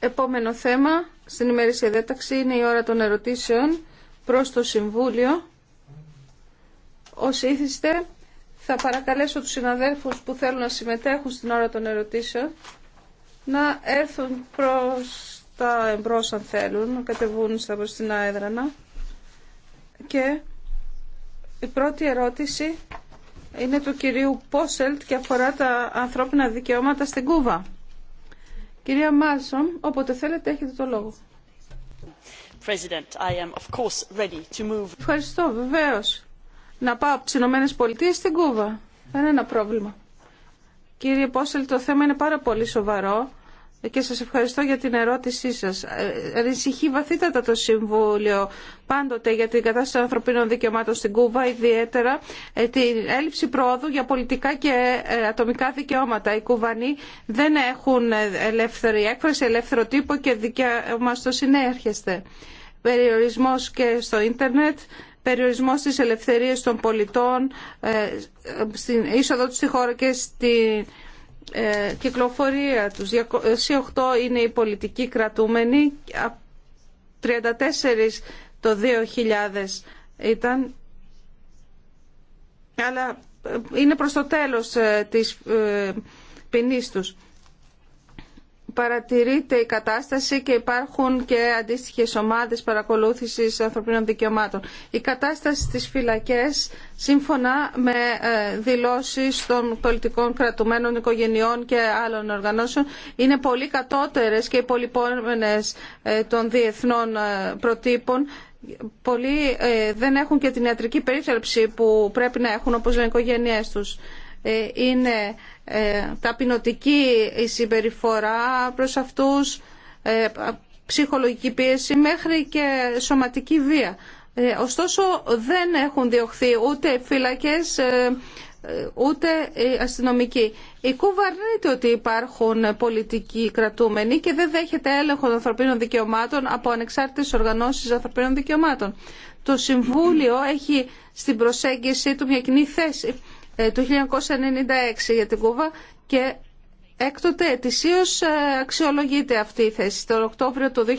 Επόμενο θέμα στην ημερήσια δέταξη είναι η ώρα των ερωτήσεων προς το Συμβούλιο. Όσοι ήθιστε, θα παρακαλέσω τους συναδέλφους που θέλουν να συμμετέχουν στην ώρα των ερωτήσεων να έρθουν προς τα εμπρός αν θέλουν, να κατεβούν στα την έδρανα. Και η πρώτη ερώτηση είναι του κυρίου Πόσελτ και αφορά τα ανθρώπινα δικαιώματα στην Κούβα. Κυρία Μάλσον, όποτε θέλετε έχετε το λόγο. I am of ready to move. Ευχαριστώ, βεβαίω. Να πάω από τι Ηνωμένε Πολιτείε στην Κούβα. Δεν είναι ένα πρόβλημα. Κύριε Πόσελ, το θέμα είναι πάρα πολύ σοβαρό και σας ευχαριστώ για την ερώτησή σας. Ε, ανησυχεί βαθύτατα το Συμβούλιο πάντοτε για την κατάσταση των ανθρωπίνων δικαιωμάτων στην Κούβα, ιδιαίτερα ε, την έλλειψη πρόοδου για πολιτικά και ε, ατομικά δικαιώματα. Οι Κουβανοί δεν έχουν ελεύθερη έκφραση, ελεύθερο τύπο και δικαίωμα στο συνέρχεστε. Περιορισμός και στο ίντερνετ, περιορισμός της ελευθερίας των πολιτών, στην είσοδο του στη χώρα και στην ε, κυκλοφορία τους. 8 ε, είναι οι πολιτικοί κρατούμενοι, 34 το 2000 ήταν, αλλά ε, είναι προς το τέλος της ποινής τους παρατηρείται η κατάσταση και υπάρχουν και αντίστοιχες ομάδες παρακολούθησης ανθρωπίνων δικαιωμάτων. Η κατάσταση στις φυλακές, σύμφωνα με ε, δηλώσεις των πολιτικών κρατουμένων οικογενειών και άλλων οργανώσεων, είναι πολύ κατώτερες και υπολοιπόμενες ε, των διεθνών ε, προτύπων πολλοί δεν έχουν και την ιατρική περίθαλψη που πρέπει να έχουν όπως λένε οι τους. Ε, είναι ε, ταπεινωτική η συμπεριφορά προς αυτούς, ε, ψυχολογική πίεση μέχρι και σωματική βία. Ωστόσο δεν έχουν διωχθεί ούτε φυλακές ούτε αστυνομικοί. Η Κούβα αρνείται ότι υπάρχουν πολιτικοί κρατούμενοι και δεν δέχεται έλεγχο των ανθρωπίνων δικαιωμάτων από ανεξάρτητες οργανώσεις ανθρωπίνων δικαιωμάτων. Το Συμβούλιο έχει στην προσέγγιση του μια κοινή θέση ε, του 1996 για την Κούβα και Έκτοτε ετησίως ε, αξιολογείται αυτή η θέση. Τον Οκτώβριο του 2008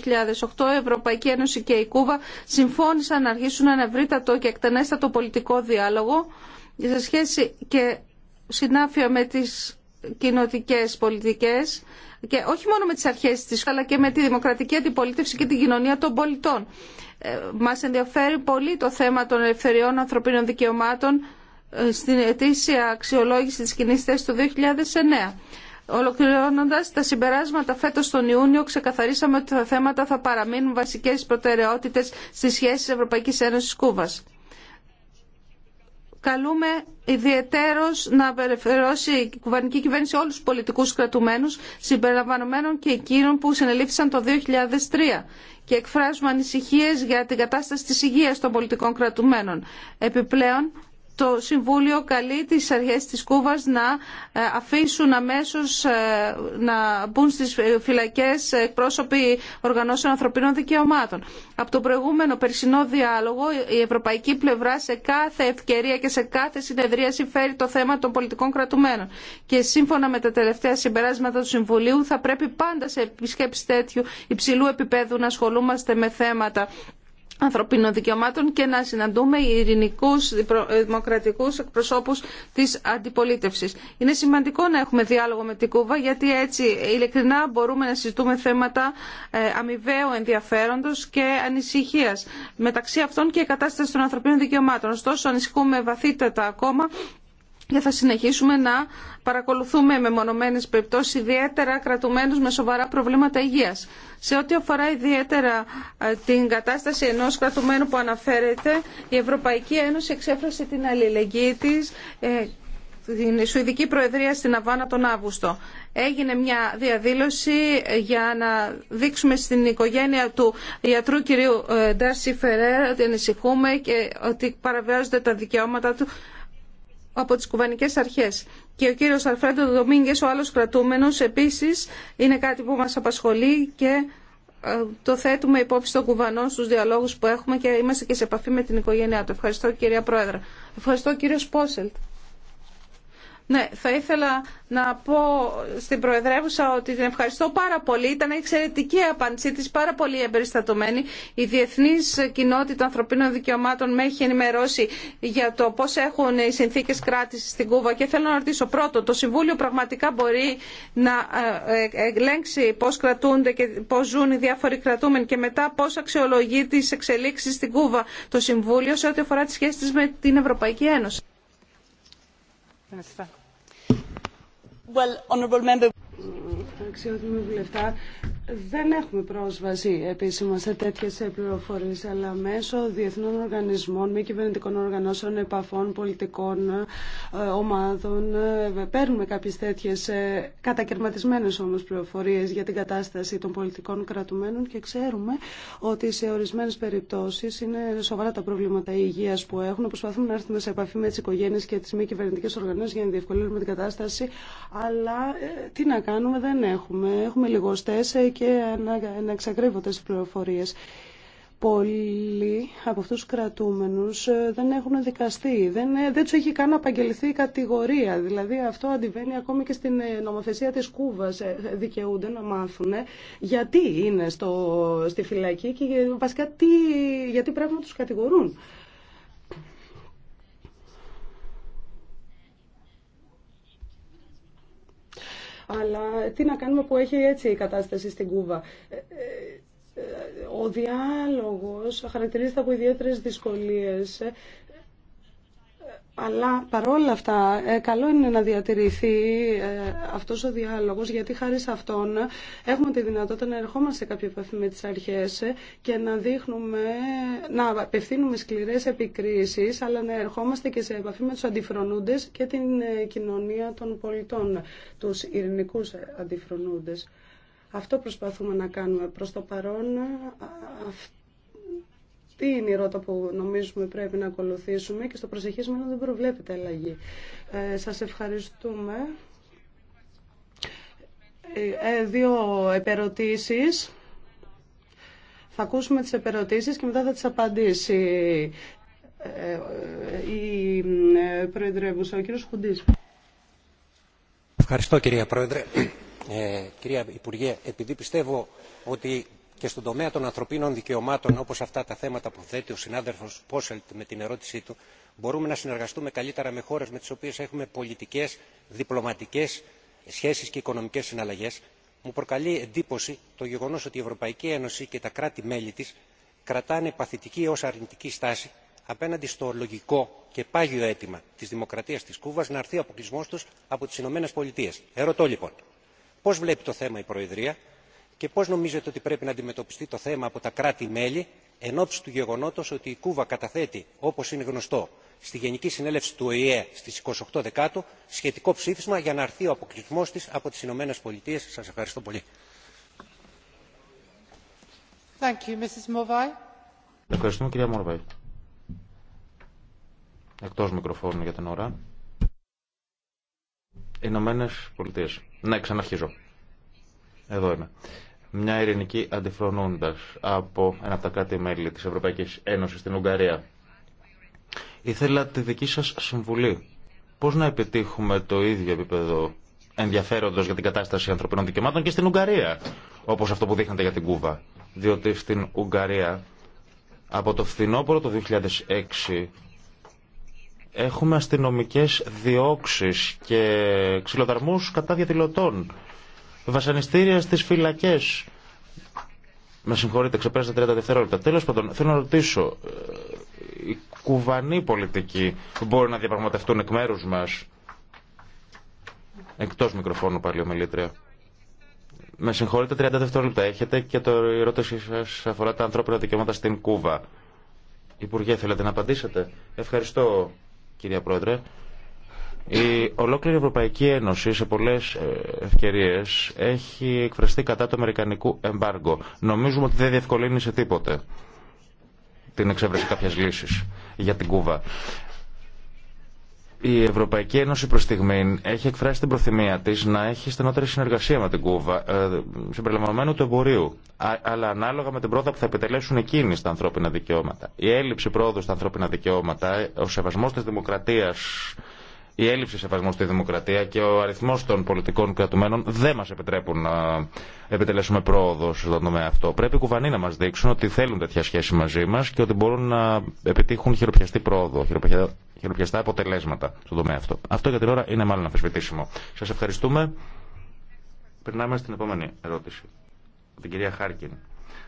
η Ευρωπαϊκή Ένωση και η Κούβα συμφώνησαν να αρχίσουν ένα ευρύτατο και εκτενέστατο πολιτικό διάλογο σε σχέση και συνάφεια με τις κοινοτικές πολιτικές και όχι μόνο με τις αρχές της αλλά και με τη δημοκρατική αντιπολίτευση και την κοινωνία των πολιτών. Ε, μας ενδιαφέρει πολύ το θέμα των ελευθεριών ανθρωπίνων δικαιωμάτων ε, στην ετήσια αξιολόγηση της κοινής θέσης του 2009. Ολοκληρώνοντας τα συμπεράσματα φέτος τον Ιούνιο, ξεκαθαρίσαμε ότι τα θέματα θα παραμείνουν βασικές προτεραιότητες στις σχέσεις Ευρωπαϊκής Ένωσης Κούβας. Καλούμε ιδιαιτέρως να απελευθερώσει η κουβανική κυβέρνηση όλους τους πολιτικούς κρατουμένους, συμπεριλαμβανομένων και εκείνων που συνελήφθησαν το 2003 και εκφράζουμε ανησυχίες για την κατάσταση της υγείας των πολιτικών κρατουμένων. Επιπλέον, το Συμβούλιο καλεί τις αρχές της Κούβας να ε, αφήσουν αμέσως ε, να μπουν στις φυλακές εκπρόσωποι οργανώσεων ανθρωπίνων δικαιωμάτων. Από το προηγούμενο περσινό διάλογο η ευρωπαϊκή πλευρά σε κάθε ευκαιρία και σε κάθε συνεδρία συμφέρει το θέμα των πολιτικών κρατουμένων. Και σύμφωνα με τα τελευταία συμπεράσματα του Συμβουλίου θα πρέπει πάντα σε επισκέψεις τέτοιου υψηλού επίπεδου να ασχολούμαστε με θέματα ανθρωπίνων δικαιωμάτων και να συναντούμε ειρηνικού ε, δημοκρατικούς εκπροσώπους της αντιπολίτευσης. Είναι σημαντικό να έχουμε διάλογο με την Κούβα γιατί έτσι ειλικρινά μπορούμε να συζητούμε θέματα ε, αμοιβαίου ενδιαφέροντος και ανησυχίας. Μεταξύ αυτών και η κατάσταση των ανθρωπίνων δικαιωμάτων. Ωστόσο ανησυχούμε βαθύτατα ακόμα και θα συνεχίσουμε να παρακολουθούμε με μονομένες περιπτώσεις ιδιαίτερα κρατουμένους με σοβαρά προβλήματα υγείας. Σε ό,τι αφορά ιδιαίτερα ε, την κατάσταση ενός κρατουμένου που αναφέρεται, η Ευρωπαϊκή Ένωση εξέφρασε την αλληλεγγύη της ε, την Σουηδική Προεδρία στην Αβάνα τον Αύγουστο. Έγινε μια διαδήλωση για να δείξουμε στην οικογένεια του ιατρού κυρίου ε, Ντάρση Φερέρα ότι ανησυχούμε και ότι παραβιάζονται τα δικαιώματα του από τις κουβανικές αρχές. Και ο κύριος Αλφρέντο Δομίνγκες, ο άλλος κρατούμενος, επίσης είναι κάτι που μας απασχολεί και ε, το θέτουμε υπόψη των κουβανών στους διαλόγους που έχουμε και είμαστε και σε επαφή με την οικογένειά του. Ευχαριστώ κυρία Πρόεδρα. Ευχαριστώ κύριο Σπόσελτ. Ναι, θα ήθελα να πω στην Προεδρεύουσα ότι την ευχαριστώ πάρα πολύ. Ήταν εξαιρετική η απάντησή τη, πάρα πολύ εμπεριστατωμένη. Η διεθνή Κοινότητα Ανθρωπίνων Δικαιωμάτων με έχει ενημερώσει για το πώ έχουν οι συνθήκε κράτηση στην Κούβα και θέλω να ρωτήσω πρώτον, το Συμβούλιο πραγματικά μπορεί να ε, ε, ελέγξει πώ κρατούνται και πώ ζουν οι διάφοροι κρατούμενοι και μετά πώ αξιολογεί τι εξελίξει στην Κούβα το Συμβούλιο σε ό,τι αφορά τι σχέσει με την Ευρωπαϊκή Ένωση. Well, honourable member αξιότιμοι βουλευτά, δεν έχουμε πρόσβαση επίσημα σε τέτοιες πληροφορίες, αλλά μέσω διεθνών οργανισμών, μη κυβερνητικών οργανώσεων, επαφών, πολιτικών ε, ομάδων, ε, παίρνουμε κάποιες τέτοιες ε, κατακαιρματισμένες όμως πληροφορίες για την κατάσταση των πολιτικών κρατουμένων και ξέρουμε ότι σε ορισμένες περιπτώσεις είναι σοβαρά τα προβλήματα υγείας που έχουν. Προσπαθούμε να έρθουμε σε επαφή με τις οικογένειες και τις μη κυβερνητικές οργανώσεις για να διευκολύνουμε την κατάσταση, αλλά τι να κάνουμε δεν έχουμε. Έχουμε λιγοστές ε, και αναξακρύβωτες πληροφορίες. Πολλοί από αυτούς τους κρατούμενους ε, δεν έχουν δικαστεί, δεν, ε, δεν τους έχει καν απαγγελθεί η κατηγορία. Δηλαδή αυτό αντιβαίνει ακόμη και στην νομοθεσία της Κούβας. Δικαιούνται να μάθουν γιατί είναι στο, στη φυλακή και βασικά τι, γιατί πράγμα να τους κατηγορούν. Αλλά τι να κάνουμε που έχει έτσι η κατάσταση στην Κούβα. Ε, ε, ε, ο διάλογος χαρακτηρίζεται από ιδιαίτερες δυσκολίες αλλά παρόλα αυτά, ε, καλό είναι να διατηρηθεί ε, αυτός ο διάλογος, γιατί χάρη σε αυτόν έχουμε τη δυνατότητα να ερχόμαστε σε κάποια επαφή με τις αρχές και να δείχνουμε, να απευθύνουμε σκληρές επικρίσεις, αλλά να ερχόμαστε και σε επαφή με τους αντιφρονούντες και την ε, κοινωνία των πολιτών, τους ειρηνικούς αντιφρονούντες. Αυτό προσπαθούμε να κάνουμε. Προς το παρόν, τι είναι η ρότα που νομίζουμε πρέπει να ακολουθήσουμε και στο προσεχές μήνα δεν προβλέπεται αλλαγή. Ε, σας ευχαριστούμε. Ε, ε, δύο επερωτήσεις. Θα ακούσουμε τις επερωτήσεις και μετά θα τις απαντήσει ε, η ε, Προεδρεύουσα, ο κύριος Χουντής. Ευχαριστώ κυρία Πρόεδρε. κυρία Υπουργέ, επειδή πιστεύω ότι και στον τομέα των ανθρωπίνων δικαιωμάτων όπω αυτά τα θέματα που θέτει ο συνάδελφο Πόσελτ με την ερώτησή του μπορούμε να συνεργαστούμε καλύτερα με χώρε με τι οποίε έχουμε πολιτικέ διπλωματικέ σχέσει και οικονομικέ συναλλαγέ μου προκαλεί εντύπωση το γεγονό ότι η ευρωπαϊκή ένωση και τα κράτη μέλη τη κρατάνε παθητική έω αρνητική στάση απέναντι στο λογικό και πάγιο αίτημα τη δημοκρατία τη κούβα να αρθεί ο αποκλεισμό του από τι ηνωμένε πολιτείε. ερωτώ λοιπόν πώ βλέπει το θέμα η προεδρία και πώ νομίζετε ότι πρέπει να αντιμετωπιστεί το θέμα από τα κράτη μέλη εν ώψη του γεγονότο ότι η κούβα καταθέτει όπω είναι γνωστό στη γενική συνέλευση του οηε στι 28 δεκάτου σχετικό ψήφισμα για να αρθεί ο αποκλεισμό τη από τι ηνωμένε πολιτείε. σα ευχαριστώ πολύ. Ευχαριστούμε κυρία για την ώρα. Ηνωμένε Πολιτείε. Ναι, ξαναρχίζω. Εδώ είμαι μια ειρηνική αντιφρονούντα από ένα από τα κράτη-μέλη τη Ευρωπαϊκή Ένωση στην Ουγγαρία. Ήθελα τη δική σα συμβουλή. Πώ να επιτύχουμε το ίδιο επίπεδο ενδιαφέροντος για την κατάσταση ανθρωπινών δικαιωμάτων και στην Ουγγαρία, όπω αυτό που δείχνατε για την Κούβα. Διότι στην Ουγγαρία από το φθινόπωρο το 2006 έχουμε αστυνομικές διώξεις και ξυλοδαρμούς κατά διαδηλωτών βασανιστήρια στις φυλακές. Με συγχωρείτε, ξεπέρασα 30 δευτερόλεπτα. Τέλος πάντων, θέλω να ρωτήσω, ε, οι κουβανοί πολιτικοί μπορεί να διαπραγματευτούν εκ μέρους μας. Εκτός μικροφώνου πάλι ομιλήτρια. Με συγχωρείτε, 30 δευτερόλεπτα έχετε και το ερώτησή σας αφορά τα ανθρώπινα δικαιώματα στην Κούβα. Υπουργέ, θέλετε να απαντήσετε. Ευχαριστώ, κυρία Πρόεδρε. Η ολόκληρη Ευρωπαϊκή Ένωση σε πολλέ ε, ευκαιρίε έχει εκφραστεί κατά του Αμερικανικού εμπάργκο. Νομίζουμε ότι δεν διευκολύνει σε τίποτε την εξέβρεση κάποια λύση για την Κούβα. Η Ευρωπαϊκή Ένωση προ στιγμή έχει εκφράσει την προθυμία τη να έχει στενότερη συνεργασία με την Κούβα, ε, συμπεριλαμβανομένου του εμπορίου, αλλά ανάλογα με την πρόοδο που θα επιτελέσουν εκείνοι στα ανθρώπινα δικαιώματα. Η έλλειψη πρόοδου στα ανθρώπινα δικαιώματα, ε, ο σεβασμό τη δημοκρατία η έλλειψη σεβασμού στη δημοκρατία και ο αριθμό των πολιτικών κρατουμένων δεν μα επιτρέπουν να επιτελέσουμε πρόοδο στον τομέα αυτό. Πρέπει οι κουβανοί να μα δείξουν ότι θέλουν τέτοια σχέση μαζί μα και ότι μπορούν να επιτύχουν χειροπιαστή πρόοδο, χειροπιαστά αποτελέσματα στον τομέα αυτό. Αυτό για την ώρα είναι μάλλον αμφισβητήσιμο. Σα ευχαριστούμε. Περνάμε στην επόμενη ερώτηση. Την κυρία Χάρκιν.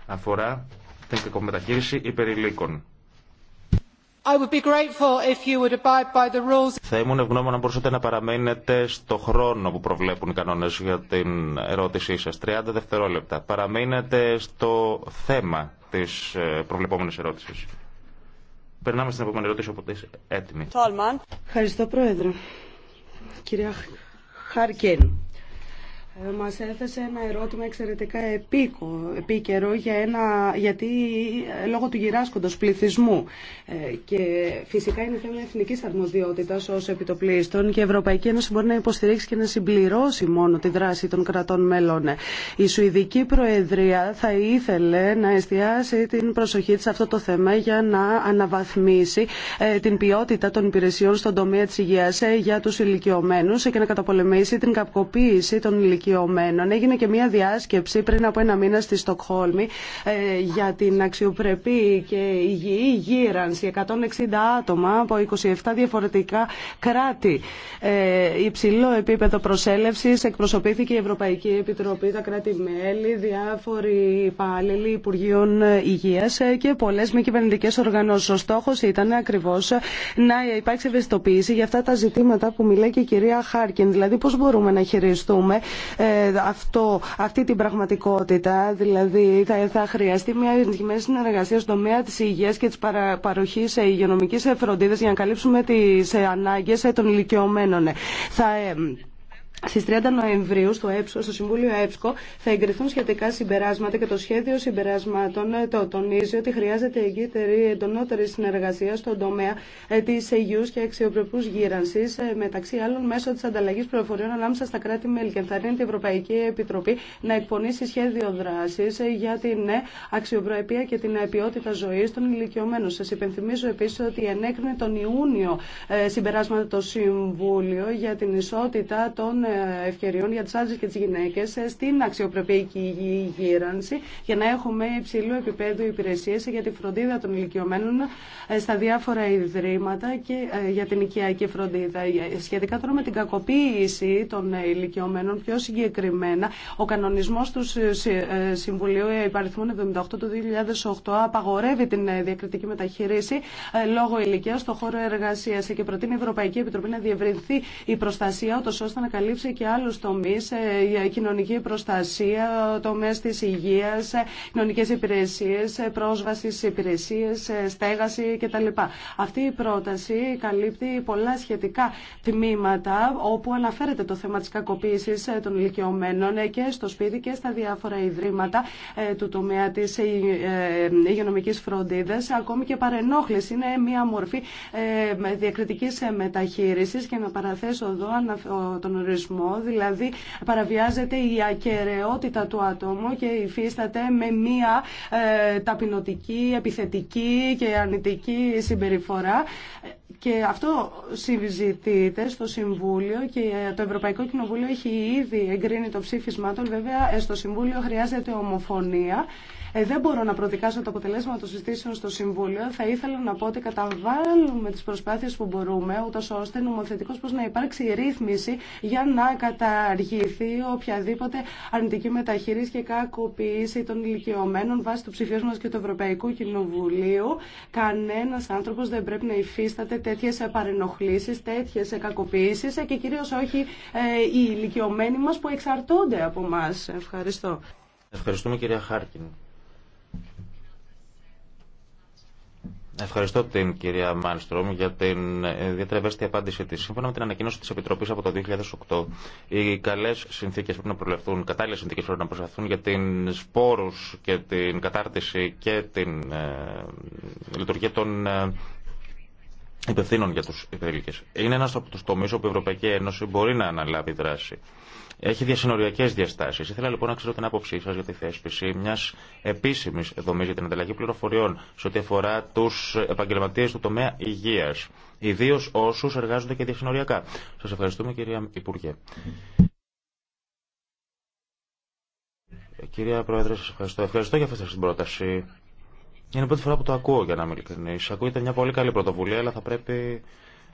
Αφορά την κακομεταχείριση υπερηλίκων. Θα ήμουν ευγνώμων αν μπορούσατε να παραμείνετε στο χρόνο που προβλέπουν οι κανόνες για την ερώτησή σας. 30 δευτερόλεπτα. Παραμείνετε στο θέμα της ε, προβλεπόμενης ερώτησης. Περνάμε στην επόμενη ερώτηση όπου έτοιμη. Ευχαριστώ Πρόεδρε. Κυρία Χαρκέν. Ε, μας έθεσε ένα ερώτημα εξαιρετικά επίκο, επίκαιρο για ένα, γιατί ε, λόγω του γυράσκοντος πληθυσμού ε, και φυσικά είναι θέμα εθνικής αρμοδιότητας ως επιτοπλίστων και η Ευρωπαϊκή Ένωση μπορεί να υποστηρίξει και να συμπληρώσει μόνο τη δράση των κρατών μέλων. Η Σουηδική Προεδρία θα ήθελε να εστιάσει την προσοχή της σε αυτό το θέμα για να αναβαθμίσει την ποιότητα των υπηρεσιών στον τομέα της υγείας για τους ηλικιωμένους και να καταπολεμήσει την κακοποίηση των ηλικιωμένων ηλικιωμένων. Έγινε και μία διάσκεψη πριν από ένα μήνα στη Στοκχόλμη ε, για την αξιοπρεπή και υγιή γύρανση 160 άτομα από 27 διαφορετικά κράτη. Ε, υψηλό επίπεδο προσέλευσης εκπροσωπήθηκε η Ευρωπαϊκή Επιτροπή, τα κράτη-μέλη, διάφοροι υπάλληλοι Υπουργείων Υγείας ε, και πολλές μη κυβερνητικέ οργανώσεις. Ο Στόχο ήταν ακριβώς να υπάρξει ευαισθητοποίηση για αυτά τα ζητήματα που μιλάει και η κυρία Χάρκιν. Δηλαδή πώς μπορούμε να χειριστούμε ε, αυτό, αυτή την πραγματικότητα. Δηλαδή θα, θα χρειαστεί μια ενισχυμένη συνεργασία στον τομέα της υγείας και τη παροχή παροχής υγειονομικής φροντίδας για να καλύψουμε τις ανάγκες ε, των ηλικιωμένων. Ε, θα, Στι 30 Νοεμβρίου στο, στο Συμβούλιο ΕΠΣΚΟ θα εγκριθούν σχετικά συμπεράσματα και το σχέδιο συμπεράσματων ε, το τονίζει ότι χρειάζεται εγκύτερη εντονότερη συνεργασία στον τομέα ε, τη υγιού και αξιοπρεπού γύρανση, ε, μεταξύ άλλων μέσω τη ανταλλαγή πληροφοριών ανάμεσα στα κράτη-μέλη. Και θα είναι την Ευρωπαϊκή Επιτροπή να εκπονήσει σχέδιο δράση για την αξιοπρεπία και την ποιότητα ζωή των ηλικιωμένων. Σα υπενθυμίζω επίση ότι ενέκρινε τον Ιούνιο συμπεράσματα το Συμβούλιο για την ισότητα των ευκαιριών για τους άντρες και τις γυναίκες στην αξιοπρεπιακή γύρανση για να έχουμε υψηλού επίπεδου υπηρεσίες για τη φροντίδα των ηλικιωμένων ε, στα διάφορα ιδρύματα και ε, για την οικιακή φροντίδα. Ε, σχετικά τώρα με την κακοποίηση των ηλικιωμένων πιο συγκεκριμένα, ο κανονισμός του Συμβουλίου υπαριθμών 78 του 2008 απαγορεύει την διακριτική μεταχείριση λόγω ηλικία στο χώρο εργασία και προτείνει η Ευρωπαϊκή Επιτροπή να διευρυνθεί η προστασία, ώστε να καλύψει και άλλους τομείς, η κοινωνική προστασία, τομέ της υγείας, κοινωνικές υπηρεσίες, πρόσβαση στις υπηρεσίες, στέγαση κτλ. Αυτή η πρόταση καλύπτει πολλά σχετικά τμήματα όπου αναφέρεται το θέμα της κακοποίησης ε, των ηλικιωμένων ε, και στο σπίτι και στα διάφορα ιδρύματα ε, του τομέα της υγειονομικής φροντίδας. Ακόμη και παρενόχληση είναι μια μορφή διακριτικής μεταχείρισης και να παραθέσω εδώ τον ορισμό δηλαδή παραβιάζεται η ακαιρεότητα του ατόμου και υφίσταται με μία ε, ταπεινωτική, επιθετική και αρνητική συμπεριφορά. Και αυτό συζητείται στο Συμβούλιο και το Ευρωπαϊκό Κοινοβούλιο έχει ήδη εγκρίνει το ψήφισμά του. Βέβαια, ε, στο Συμβούλιο χρειάζεται ομοφωνία. Ε, δεν μπορώ να προδικάσω το αποτελέσμα των συζητήσεων στο Συμβούλιο. Θα ήθελα να πω ότι καταβάλουμε τι προσπάθειε που μπορούμε, ούτω ώστε νομοθετικώ πω να υπάρξει ρύθμιση για να καταργηθεί οποιαδήποτε αρνητική μεταχείριση και κακοποίηση των ηλικιωμένων βάσει του ψηφίου μα και του Ευρωπαϊκού Κοινοβουλίου. Κανένα άνθρωπο δεν πρέπει να υφίσταται τέτοιε παρενοχλήσει, τέτοιε κακοποίησει και κυρίω όχι ε, οι ηλικιωμένοι μα που εξαρτώνται από εμά. Ευχαριστώ. Ευχαριστούμε κυρία Χάρκιν. Ευχαριστώ την κυρία Μάνστρομ για την ιδιαίτερα απάντησή τη. Σύμφωνα με την ανακοίνωση τη Επιτροπή από το 2008, οι καλέ συνθήκε πρέπει να προλευθούν, κατάλληλε συνθήκε πρέπει να προσταθούν για την σπόρου και την κατάρτιση και την ε, λειτουργία των ε, υπευθύνων για του υπερήλικε. Είναι ένα από του τομεί όπου η Ευρωπαϊκή Ένωση μπορεί να αναλάβει δράση. Έχει διασυνοριακέ διαστάσει. Ήθελα λοιπόν να ξέρω την άποψή σα για τη θέσπιση μια επίσημη δομή για την ανταλλαγή πληροφοριών σε ό,τι αφορά του επαγγελματίε του τομέα υγεία. Ιδίω όσου εργάζονται και διασυνοριακά. Σα ευχαριστούμε κυρία Υπουργέ. Κυρία Πρόεδρε, σα ευχαριστώ. Ευχαριστώ για αυτή την πρόταση. Είναι η πρώτη φορά που το ακούω, για να είμαι ειλικρινή. Ακούγεται μια πολύ καλή πρωτοβουλία, αλλά θα πρέπει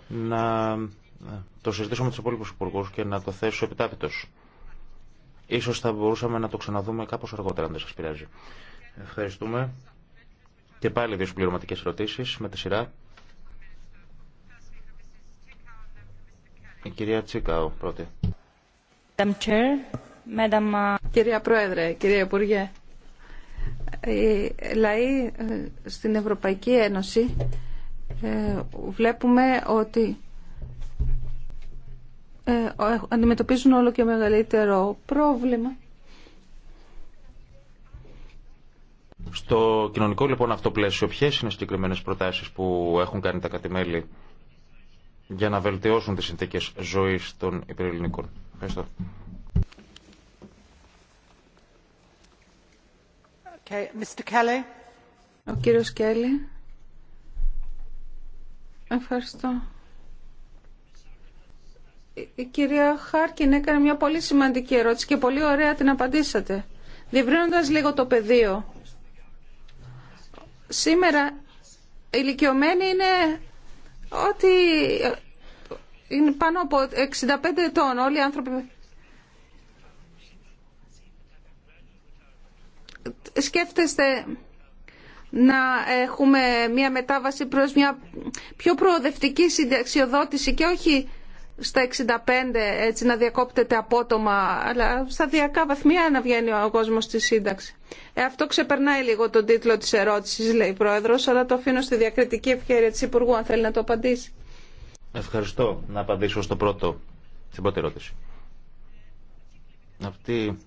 να ναι. το συζητήσω με του υπόλοιπου υπουργού και να το θέσω επιτάπητο. Ίσως θα μπορούσαμε να το ξαναδούμε κάπως αργότερα, αν δεν σας πειράζει. Ευχαριστούμε. Και πάλι δύο συμπληρωματικέ ερωτήσει με τη σειρά. Η κυρία Τσίκαου πρώτη. Uh, κυρία Πρόεδρε, κυρία Υπουργέ, οι λαοί ε, στην Ευρωπαϊκή Ένωση ε, βλέπουμε ότι ε, αντιμετωπίζουν όλο και μεγαλύτερο πρόβλημα. Στο κοινωνικό λοιπόν αυτό πλαίσιο, ποιες είναι συγκεκριμένες προτάσεις που έχουν κάνει τα κατημέλη για να βελτιώσουν τις συνθήκες ζωής των υπερελληνικών. Ευχαριστώ. Okay, Mr. Kelly. Ο κύριος Κέλλη. Ευχαριστώ η κυρία Χάρκιν έκανε μια πολύ σημαντική ερώτηση και πολύ ωραία την απαντήσατε. Διευρύνοντας λίγο το πεδίο. Σήμερα ηλικιωμένοι είναι ότι ε, είναι πάνω από 65 ετών όλοι οι άνθρωποι. Σκέφτεστε να έχουμε μια μετάβαση προς μια πιο προοδευτική συνταξιοδότηση και όχι στα 65 έτσι να διακόπτεται απότομα, αλλά σταδιακά βαθμία να βγαίνει ο κόσμος στη σύνταξη. Ε, αυτό ξεπερνάει λίγο τον τίτλο της ερώτησης, λέει η Πρόεδρος, αλλά το αφήνω στη διακριτική ευκαιρία της Υπουργού, αν θέλει να το απαντήσει. Ευχαριστώ να απαντήσω στο πρώτο, στην πρώτη ερώτηση. Αυτή,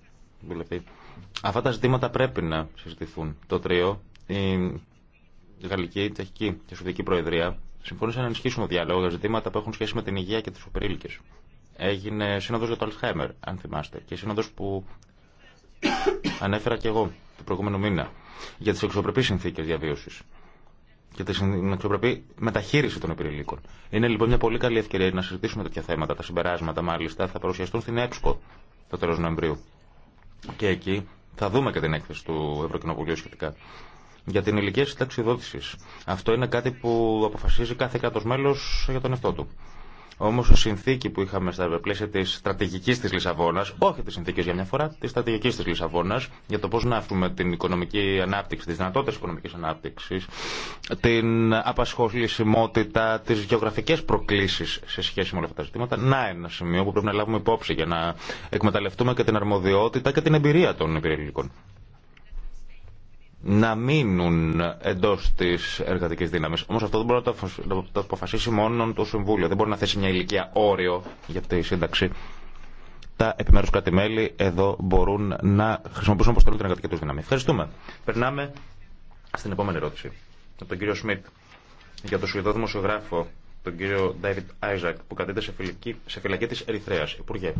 αυτά τα ζητήματα πρέπει να συζητηθούν. Το τρίο, η Γαλλική, Τσεχική και Σουδική Προεδρία συμφωνήσαμε να ενισχύσουμε διάλογο για ζητήματα που έχουν σχέση με την υγεία και τι υπερήλικε. Έγινε σύνοδο για το Αλσχάιμερ, αν θυμάστε, και σύνοδο που ανέφερα και εγώ το προηγούμενο μήνα για τι εξωπρεπεί συνθήκε διαβίωση και την εξωπρεπή μεταχείριση των υπερήλικων. Είναι λοιπόν μια πολύ καλή ευκαιρία να συζητήσουμε τέτοια θέματα. Τα συμπεράσματα μάλιστα θα παρουσιαστούν στην ΕΠΣΚΟ το τέλο Νοεμβρίου. Και εκεί θα δούμε και την έκθεση του Ευρωκοινοβουλίου σχετικά για την ηλικία συνταξιδότηση. Αυτό είναι κάτι που αποφασίζει κάθε κράτο μέλο για τον εαυτό του. Όμω η συνθήκη που είχαμε στα πλαίσια τη στρατηγική τη Λισαβόνα, όχι τη συνθήκη για μια φορά, τη στρατηγική τη Λισαβόνα, για το πώ να έχουμε την οικονομική ανάπτυξη, τι δυνατότητε οικονομική ανάπτυξη, την απασχολησιμότητα, τι γεωγραφικέ προκλήσει σε σχέση με όλα αυτά τα ζητήματα. Να ένα σημείο που πρέπει να λάβουμε υπόψη για να εκμεταλλευτούμε και την αρμοδιότητα και την εμπειρία των υπηρελικών να μείνουν εντό τη εργατική δύναμη. Όμω αυτό δεν μπορεί να το αποφασίσει μόνο το Συμβούλιο. Δεν μπορεί να θέσει μια ηλικία όριο για αυτή τη σύνταξη. Τα επιμέρου κράτη-μέλη εδώ μπορούν να χρησιμοποιήσουν όπω θέλουν την εργατική του δύναμη. Ευχαριστούμε. Περνάμε στην επόμενη ερώτηση. Από τον κύριο Σμιτ. Για τον Σουηδό δημοσιογράφο, τον κύριο Ντάιβιτ Άιζακ, που κατέται σε φυλακή, τη Ερυθρέα. Υπουργέ.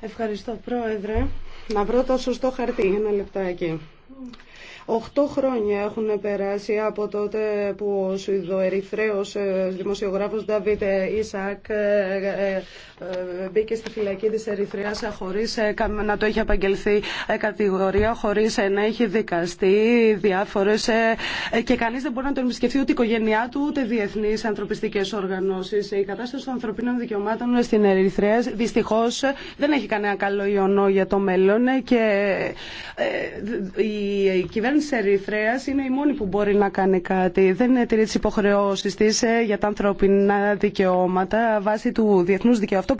Ευχαριστώ, Πρόεδρε. Να βρω το σωστό χαρτί. Ένα λεπτάκι. Οχτώ χρόνια έχουν περάσει από τότε που ο Σουηδοερυθρέος ε, δημοσιογράφος Νταβίτ ε, Ισακ ε, μπήκε στη φυλακή της Ερυθρέας χωρίς να το έχει απαγγελθεί κατηγορία, χωρίς να έχει δικαστεί διάφορες και κανείς δεν μπορεί να τον επισκεφθεί ούτε η οικογένειά του ούτε διεθνείς ανθρωπιστικές οργανώσεις. Η κατάσταση των ανθρωπίνων δικαιωμάτων στην Ερυθρέα δυστυχώς δεν έχει κανένα καλό ιονό για το μέλλον και η κυβέρνηση της Ερυθρέα είναι η μόνη που μπορεί να κάνει κάτι. Δεν είναι τηρή τι υποχρεώσει τη ε, για τα ανθρώπινα δικαιώματα. Βάσει του διεθνού δικαίου, αυτό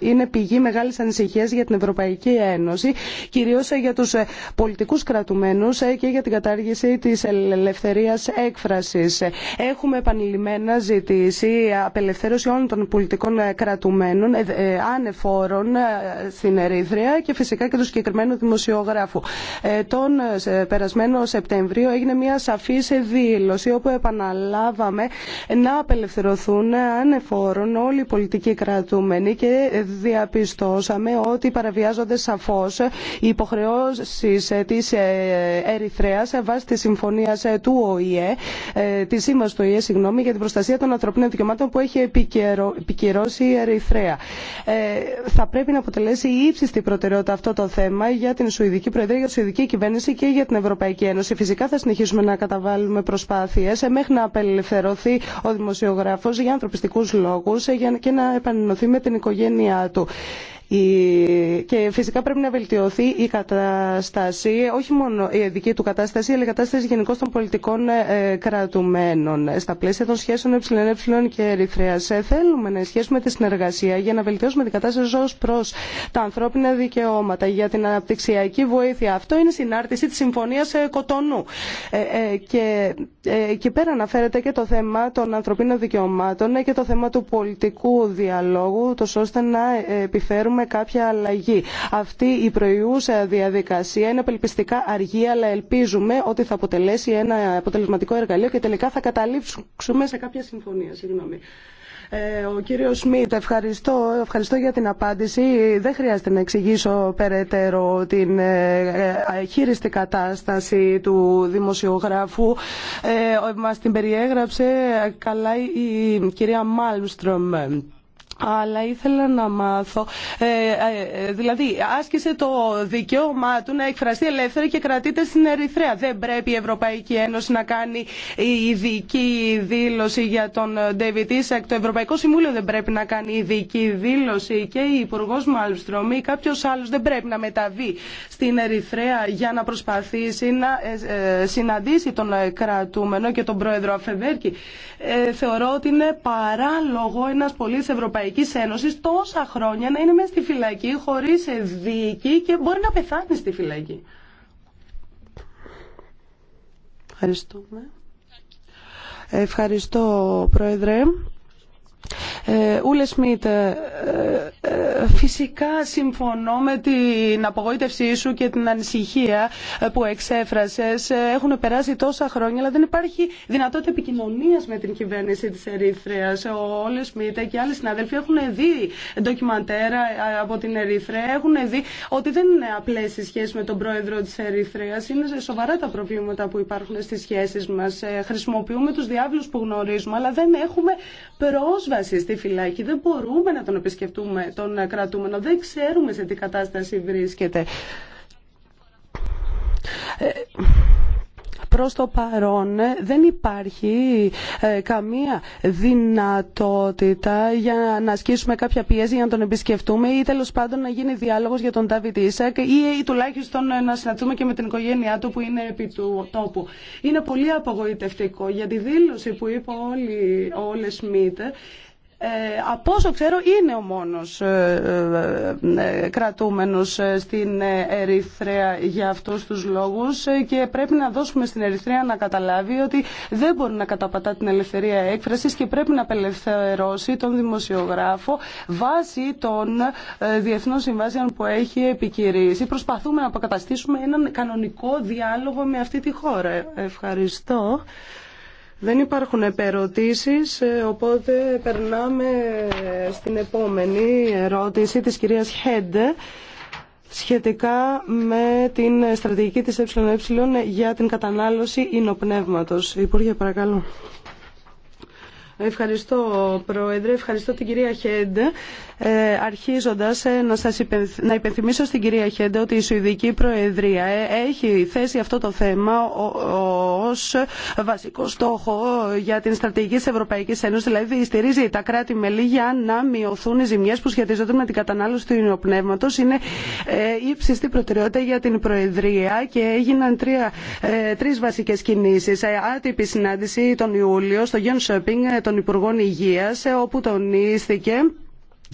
είναι πηγή μεγάλη ανησυχία για την Ευρωπαϊκή Ένωση, κυρίω ε, για του ε, πολιτικού κρατουμένου και για την κατάργηση τη ελευθερία έκφραση. Έχουμε επανειλημμένα ζητήσει απελευθέρωση όλων των πολιτικών κρατουμένων, άνεφόρων στην Ερυθρέα και φυσικά και του συγκεκριμένου δημοσιογράφου. Τον περασμένο περασμένο Σεπτεμβρίο έγινε μια σαφής δήλωση όπου επαναλάβαμε να απελευθερωθούν ανεφόρων όλοι οι πολιτικοί κρατούμενοι και διαπιστώσαμε ότι παραβιάζονται σαφώς οι υποχρεώσεις της Ερυθρέας βάσει τη συμφωνία του ΟΗΕ, της σύμβασης του ΟΗΕ, συγγνώμη, για την προστασία των ανθρωπίνων δικαιωμάτων που έχει επικυρώσει η Ερυθρέα. Ε, θα πρέπει να αποτελέσει ύψιστη προτεραιότητα αυτό το θέμα για την Σουηδική Προεδρία, για τη Σουηδική Κυβέρνηση και για την Ευρωπαϊκή Ευρωπαϊκή Ένωση. Φυσικά θα συνεχίσουμε να καταβάλουμε προσπάθειες ε, μέχρι να απελευθερωθεί ο δημοσιογράφος για ανθρωπιστικού λόγου, ε, και να επανενωθεί με την οικογένειά του. Και φυσικά πρέπει να βελτιωθεί η κατάσταση, όχι μόνο η δική του κατάσταση, αλλά η κατάσταση γενικώ των πολιτικών ε, κρατουμένων. Στα πλαίσια των σχέσεων ΕΕ και Ερυθρέα, ε, θέλουμε να ισχύσουμε τη συνεργασία για να βελτιώσουμε την κατάσταση ω προ τα ανθρώπινα δικαιώματα, για την αναπτυξιακή βοήθεια. Αυτό είναι συνάρτηση τη Συμφωνία ε, Κοτονού. Και εκεί πέρα αναφέρεται και το θέμα των ανθρωπίνων δικαιωμάτων και το θέμα του πολιτικού διαλόγου, ώστε να επιφέρουμε κάποια αλλαγή. Αυτή η προϊούσα διαδικασία είναι απελπιστικά αργή, αλλά ελπίζουμε ότι θα αποτελέσει ένα αποτελεσματικό εργαλείο και τελικά θα καταλήξουμε σε κάποια συμφωνία. Συγγνώμη. Ε, ο κύριο Σμιτ, ευχαριστώ, ευχαριστώ για την απάντηση. Δεν χρειάζεται να εξηγήσω περαιτέρω την ε, ε, χείριστη κατάσταση του δημοσιογράφου. Μας την περιέγραψε καλά η κυρία Μάλμστρομ αλλά ήθελα να μάθω. Ε, ε, ε, δηλαδή, άσκησε το δικαίωμά του να εκφραστεί ελεύθερα και κρατείται στην Ερυθρέα. Δεν πρέπει η Ευρωπαϊκή Ένωση να κάνει ειδική δήλωση για τον Ντέβιτ Ίσακ. Το Ευρωπαϊκό Συμβούλιο δεν πρέπει να κάνει ειδική δήλωση και η Υπουργό Μάλμστρομ ή κάποιο άλλο δεν πρέπει να μεταβεί στην Ερυθρέα για να προσπαθήσει να ε, συναντήσει τον κρατούμενο και τον πρόεδρο Αφεβέρκη. Ε, θεωρώ ότι είναι παράλογο ένα πολίτη Ευρωπαϊκή Ευρωπαϊκή τόσα χρόνια να είναι μέσα στη φυλακή χωρί δίκη και μπορεί να πεθάνει στη φυλακή. Ευχαριστούμε. Ευχαριστώ, Πρόεδρε. Ε, Ούλε Σμιτ, ε, ε, φυσικά συμφωνώ με την απογοήτευσή σου και την ανησυχία που εξέφρασε. Έχουν περάσει τόσα χρόνια, αλλά δεν υπάρχει δυνατότητα επικοινωνία με την κυβέρνηση τη Ερυθρέα. Ο Όλε Σμιτ και άλλοι συναδέλφοι έχουν δει ντοκιμαντέρα από την Ερυθρέα, έχουν δει ότι δεν είναι απλέ οι σχέσει με τον πρόεδρο τη Ερυθρέα. Είναι σοβαρά τα προβλήματα που υπάρχουν στι σχέσει μα. Χρησιμοποιούμε του διάβλους που γνωρίζουμε, αλλά δεν έχουμε πρόσβαση πρόσβαση στη φυλάκη. Δεν μπορούμε να τον επισκεφτούμε, τον κρατούμενο. Δεν ξέρουμε σε τι κατάσταση βρίσκεται. Ε, Προς το παρόν ε, δεν υπάρχει ε, καμία δυνατότητα για να ασκήσουμε κάποια πίεση, για να τον επισκεφτούμε ή τέλος πάντων να γίνει διάλογος για τον Ντάβιτ Ίσακ ή τουλάχιστον να συναντούμε και με την οικογένειά του που είναι επί του τόπου. Είναι πολύ απογοητευτικό για τη δήλωση που είπε όλοι, όλες Σμίτ ε, από όσο ξέρω είναι ο μόνος ε, ε, κρατούμενος στην Ερυθρέα για αυτούς τους λόγους και πρέπει να δώσουμε στην Ερυθρέα να καταλάβει ότι δεν μπορεί να καταπατά την ελευθερία έκφρασης και πρέπει να απελευθερώσει τον δημοσιογράφο βάσει των διεθνών συμβάσεων που έχει επικυρήσει. Προσπαθούμε να αποκαταστήσουμε έναν κανονικό διάλογο με αυτή τη χώρα. Ευχαριστώ. Δεν υπάρχουν επερωτήσεις, ε, οπότε περνάμε στην επόμενη ερώτηση της κυρίας Χέντε σχετικά με την στρατηγική της ΕΕ για την κατανάλωση υνοπνεύματος. Υπουργέ, παρακαλώ. Ευχαριστώ, Πρόεδρε. Ευχαριστώ την κυρία Χέντ. Ε, αρχίζοντας, ε, να, σας υπενθ... να υπενθυμίσω στην κυρία Χέντ ότι η Σουηδική Προεδρία ε, έχει θέσει αυτό το θέμα ως βασικό στόχο για την στρατηγική της Ευρωπαϊκής Ένωσης. Δηλαδή, στηρίζει τα κράτη-μέλη για να μειωθούν οι ζημιές που σχετίζονται με την κατανάλωση του υνοπνεύματος. Είναι ε, ύψιστη προτεραιότητα για την Προεδρία και έγιναν τρία, ε, τρεις βασικές κινήσεις. Ε, άτυπη συνάντηση τον Ιούλιο στο Γιον των Υπουργών Υγείας ε, όπου τονίστηκε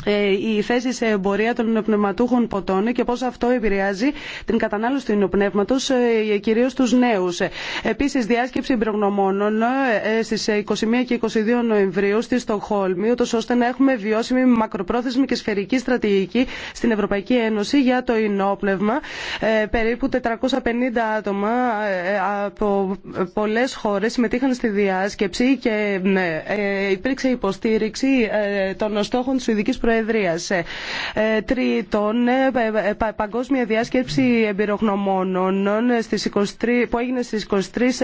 η ε, θέση σε εμπορία των πνευματούχων ποτών και πώς αυτό επηρεάζει την κατανάλωση του ινοπνεύματος ε, κυρίως τους νέους. Επίσης, διάσκεψη προγνωμόνων ε, στις 21 και 22 Νοεμβρίου στη Στοχόλμη, ούτως ώστε να έχουμε βιώσιμη μακροπρόθεσμη και σφαιρική στρατηγική στην Ευρωπαϊκή Ένωση για το ινόπνευμα. Περίπου 450 άτομα από πολλές χώρες συμμετείχαν στη διάσκεψη και υπήρξε υποστήριξη των στόχων της προ ε, ε, Τρίτον, ε, ε, παγκόσμια διάσκεψη εμπειρογνωμόνων που έγινε στις 23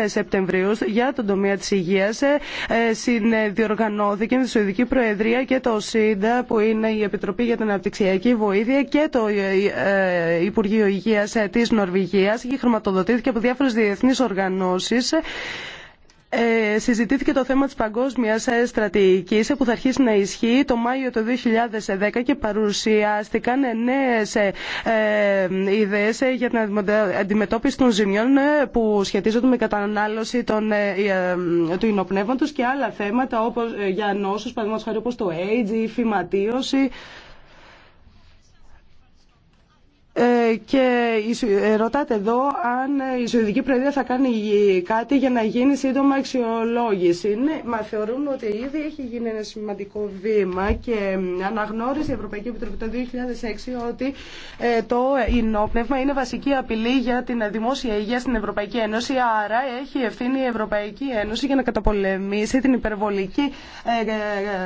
Σεπτεμβρίου για τον τομέα της υγείας συνδιοργανώθηκε με τη Σουηδική Προεδρία και το ΣΥΝΤΑ που είναι η Επιτροπή για την Αναπτυξιακή Βοήθεια και το Υπουργείο Υγείας της Νορβηγίας και χρηματοδοτήθηκε από διάφορες διεθνείς οργανώσεις ε, συζητήθηκε το θέμα της παγκόσμιας ε, στρατηγικής ε, που θα αρχίσει να ισχύει το Μάιο του 2010 και παρουσιάστηκαν νέες ιδέες για την αντιμετώπιση των ζημιών που σχετίζονται με κατανάλωση του υνοπνεύματος και άλλα θέματα όπως, για νόσους, παραδείγματος χάρη όπως το AIDS, η φυματίωση, ε, και ε, ρωτάτε εδώ αν η Σουηδική Προεδρία θα κάνει κάτι για να γίνει σύντομα αξιολόγηση. Ναι, μα θεωρούμε ότι ήδη έχει γίνει ένα σημαντικό βήμα και αναγνώρισε η Ευρωπαϊκή Επιτροπή το 2006 ότι ε, το ενόπνευμα είναι βασική απειλή για την δημόσια υγεία στην Ευρωπαϊκή Ένωση. Άρα έχει ευθύνη η Ευρωπαϊκή Ένωση για να καταπολεμήσει την υπερβολική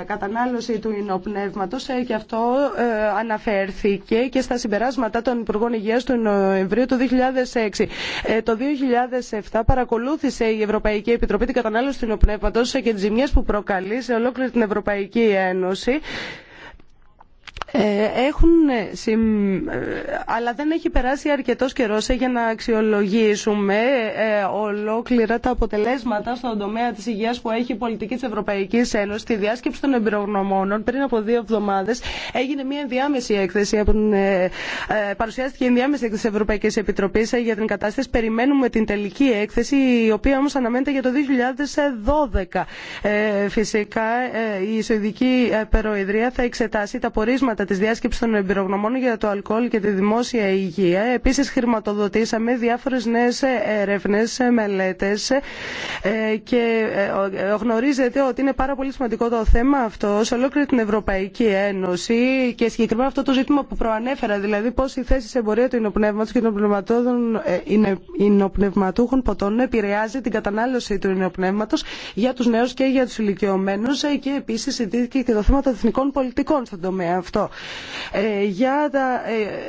κατανάλωση του Ε, και αυτό αναφέρθηκε και στα συμπεράσματα των των Υπουργών Υγεία του Νοεμβρίου του 2006. Ε, το 2007 παρακολούθησε η Ευρωπαϊκή Επιτροπή την κατανάλωση του νοπνεύματο και τι ζημίε που προκαλεί σε ολόκληρη την Ευρωπαϊκή Ένωση. Ε, έχουν ε, ε, αλλά δεν έχει περάσει αρκετός καιρός για να αξιολογήσουμε ολόκληρα τα αποτελέσματα στον τομέα της υγείας που έχει η πολιτική της Ευρωπαϊκής Ένωσης. Στη διάσκεψη των εμπειρογνωμόνων πριν από δύο εβδομάδες έγινε μια ενδιάμεση έκθεση παρουσιάστηκε η ενδιάμεση έκθεση της Ευρωπαϊκής Επιτροπής για την κατάσταση. Περιμένουμε την τελική έκθεση η οποία όμως αναμένεται για το 2012. Φυσικά η Σουηδική Προεδρία θα εξετάσει τα πορίσματα συμπεράσματα της διάσκεψης των εμπειρογνωμών για το αλκοόλ και τη δημόσια υγεία. Επίσης χρηματοδοτήσαμε διάφορες νέες έρευνες, μελέτες ε, και ε, γνωρίζετε ότι είναι πάρα πολύ σημαντικό το θέμα αυτό σε ολόκληρη την Ευρωπαϊκή Ένωση και συγκεκριμένα αυτό το ζήτημα που προανέφερα, δηλαδή πώς η θέση σε εμπορία του υνοπνεύματος και των υνοπνευματούχων ε, ποτών επηρεάζει την κατανάλωση του υνοπνεύματος για τους νέους και για τους ηλικιωμένους και επίσης συντήθηκε και το θέμα των εθνικών πολιτικών στον τομέα αυτό. Ε, για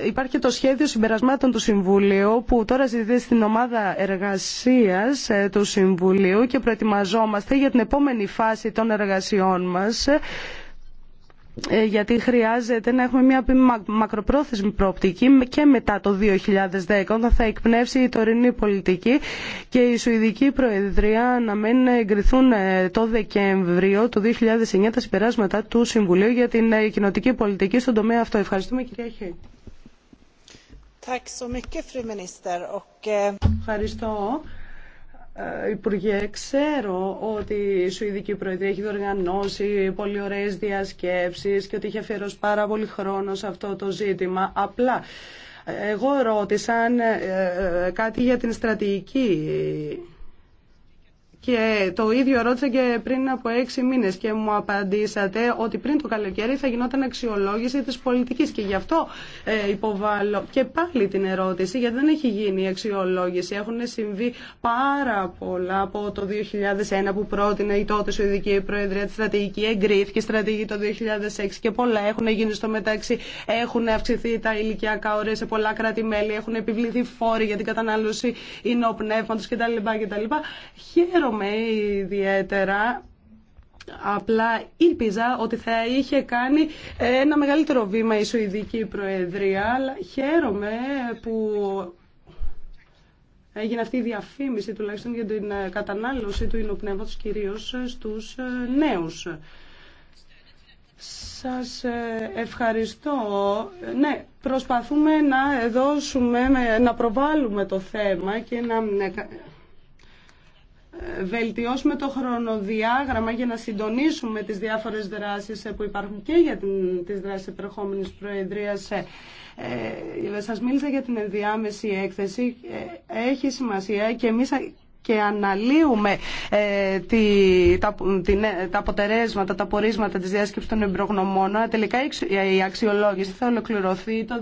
ε, υπάρχει το σχέδιο συμπερασμάτων του Συμβουλίου που τώρα ζητείται στην ομάδα εργασίας ε, του Συμβουλίου και προετοιμαζόμαστε για την επόμενη φάση των εργασιών μας ε, γιατί χρειάζεται να έχουμε μια μακροπρόθεσμη προοπτική και μετά το 2010 όταν θα εκπνεύσει η τωρινή πολιτική και η Σουηδική Προεδρία να μην εγκριθούν ε, το Δεκέμβριο του 2009 τα συμπεράσματα του Συμβουλίου για την ε, κοινοτική πολιτική στον τομέα αυτό. Ευχαριστούμε κυρία Χέι. Ευχαριστώ. Ε, Υπουργέ, ξέρω ότι η Σουηδική Προεδρία έχει διοργανώσει πολύ ωραίες διασκέψεις και ότι είχε αφιερώσει πάρα πολύ χρόνο σε αυτό το ζήτημα. Απλά, ε, εγώ ρώτησα ε, κάτι για την στρατηγική και το ίδιο ρώτησα και πριν από έξι μήνες και μου απαντήσατε ότι πριν το καλοκαίρι θα γινόταν αξιολόγηση της πολιτικής και γι' αυτό ε, υποβάλλω και πάλι την ερώτηση γιατί δεν έχει γίνει η αξιολόγηση. Έχουν συμβεί πάρα πολλά από το 2001 που πρότεινε η τότε Σουηδική Προεδρία τη στρατηγική, εγκρίθηκε η στρατηγική το 2006 και πολλά έχουν γίνει στο μεταξύ. Έχουν αυξηθεί τα ηλικιακά ωραία σε πολλά κράτη-μέλη, έχουν επιβληθεί φόροι για την κατανάλωση υνοπνεύματος κτλ. κτλ. Χαίρομαι χαίρομαι ιδιαίτερα Απλά ήλπιζα ότι θα είχε κάνει ε, ένα μεγαλύτερο βήμα η Σουηδική Προεδρία, αλλά χαίρομαι που έγινε αυτή η διαφήμιση τουλάχιστον για την ε, κατανάλωση του ινοπνεύματος κυρίως ε, στους νέους. Σας ευχαριστώ. Ναι, προσπαθούμε να δώσουμε, να προβάλλουμε το θέμα και να βελτιώσουμε το χρονοδιάγραμμα για να συντονίσουμε τις διάφορες δράσεις που υπάρχουν και για τις δράσεις επερχόμενης Προεδρίας. Ε, ε, σας μίλησα για την ενδιάμεση έκθεση. Ε, έχει σημασία και εμείς και αναλύουμε ε, τη, τα, την, τα αποτελέσματα, τα πορίσματα της διάσκεψης των εμπρογνωμών, Τελικά η αξιολόγηση θα ολοκληρωθεί το 2012.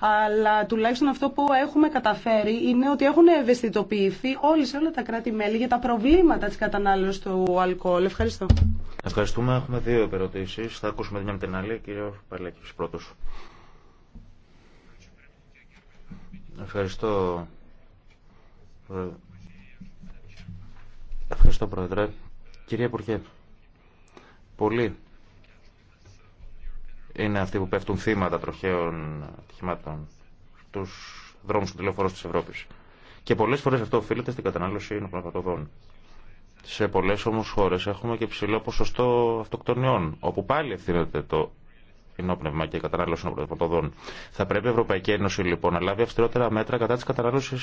Αλλά τουλάχιστον αυτό που έχουμε καταφέρει είναι ότι έχουν ευαισθητοποιηθεί όλοι σε όλα τα κράτη-μέλη για τα προβλήματα της κατανάλωσης του αλκοόλ. Ευχαριστώ. Ευχαριστούμε. Έχουμε δύο ερωτήσεις. Θα ακούσουμε μια με την άλλη. Κύριε Παλέκης, πρώτος. Ευχαριστώ, Ευχαριστώ, Πρόεδρε. Κυρία Υπουργέ, πολλοί είναι αυτοί που πέφτουν θύματα τροχαίων ατυχημάτων στους δρόμους του τηλεφόρου της Ευρώπης. Και πολλές φορές αυτό οφείλεται στην κατανάλωση νοπλαπατοδών. Σε πολλές όμως χώρες έχουμε και ψηλό ποσοστό αυτοκτονιών, όπου πάλι ευθύνεται το ενόπνευμα και κατανάλωση ενόπνευματοδών. Θα πρέπει η Ευρωπαϊκή Ένωση λοιπόν να λάβει αυστηρότερα μέτρα κατά τη κατανάλωση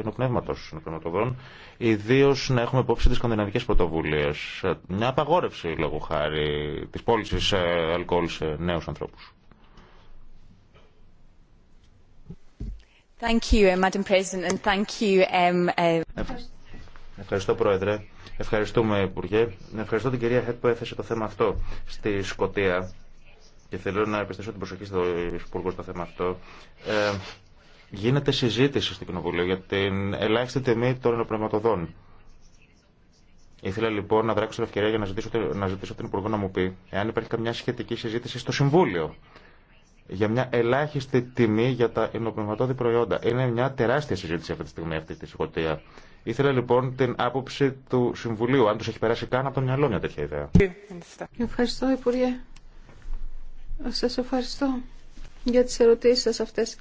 ενόπνευματο ενόπνευματοδών, ιδίω να έχουμε υπόψη τι σκανδιναβικέ πρωτοβουλίε. Ε, μια απαγόρευση λόγω χάρη τη πώληση ε, αλκοόλ σε νέου ανθρώπου. Thank you, eh, Madam President, and thank you, um, eh, Ευχαριστώ, Πρόεδρε. Ευχαριστούμε, Υπουργέ. Ευχαριστώ την κυρία Χέτ που έθεσε το θέμα αυτό στη σκοτία και θέλω να επιστρέψω την προσοχή στο Υπουργό στο θέμα αυτό, ε, γίνεται συζήτηση στην Κοινοβουλία για την ελάχιστη τιμή των ενοπνευματοδών. Ήθελα λοιπόν να δράξω την ευκαιρία για να ζητήσω, να ζητήσω την Υπουργό να μου πει εάν υπάρχει καμιά σχετική συζήτηση στο Συμβούλιο για μια ελάχιστη τιμή για τα υνοπνευματόδη προϊόντα. Είναι μια τεράστια συζήτηση αυτή τη στιγμή αυτή τη σχολεία. Ήθελα λοιπόν την άποψη του Συμβουλίου, αν του έχει περάσει καν από το μυαλό μια τέτοια ιδέα. Ευχαριστώ, Υπουργέ. Σας ευχαριστώ για τις ερωτήσεις σας αυτές.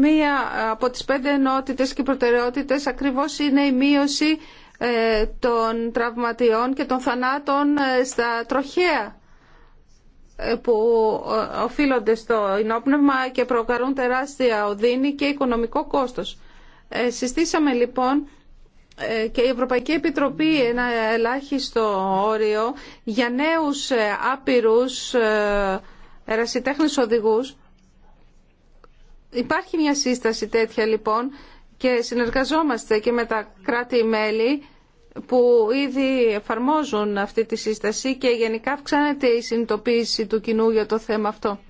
Μία από τις πέντε ενότητες και προτεραιότητες ακριβώς είναι η μείωση ε, των τραυματιών και των θανάτων ε, στα τροχέα ε, που οφείλονται στο ενόπνευμα και προκαλούν τεράστια οδύνη και οικονομικό κόστος. Συστήσαμε λοιπόν ε, και η Ευρωπαϊκή Επιτροπή ένα ελάχιστο όριο για νέους ε, άπειρους ε, ερασιτέχνες οδηγούς. Υπάρχει μια σύσταση τέτοια λοιπόν και συνεργαζόμαστε και με τα κράτη-μέλη που ήδη εφαρμόζουν αυτή τη σύσταση και γενικά αυξάνεται η συνειδητοποίηση του κοινού για το θέμα αυτό.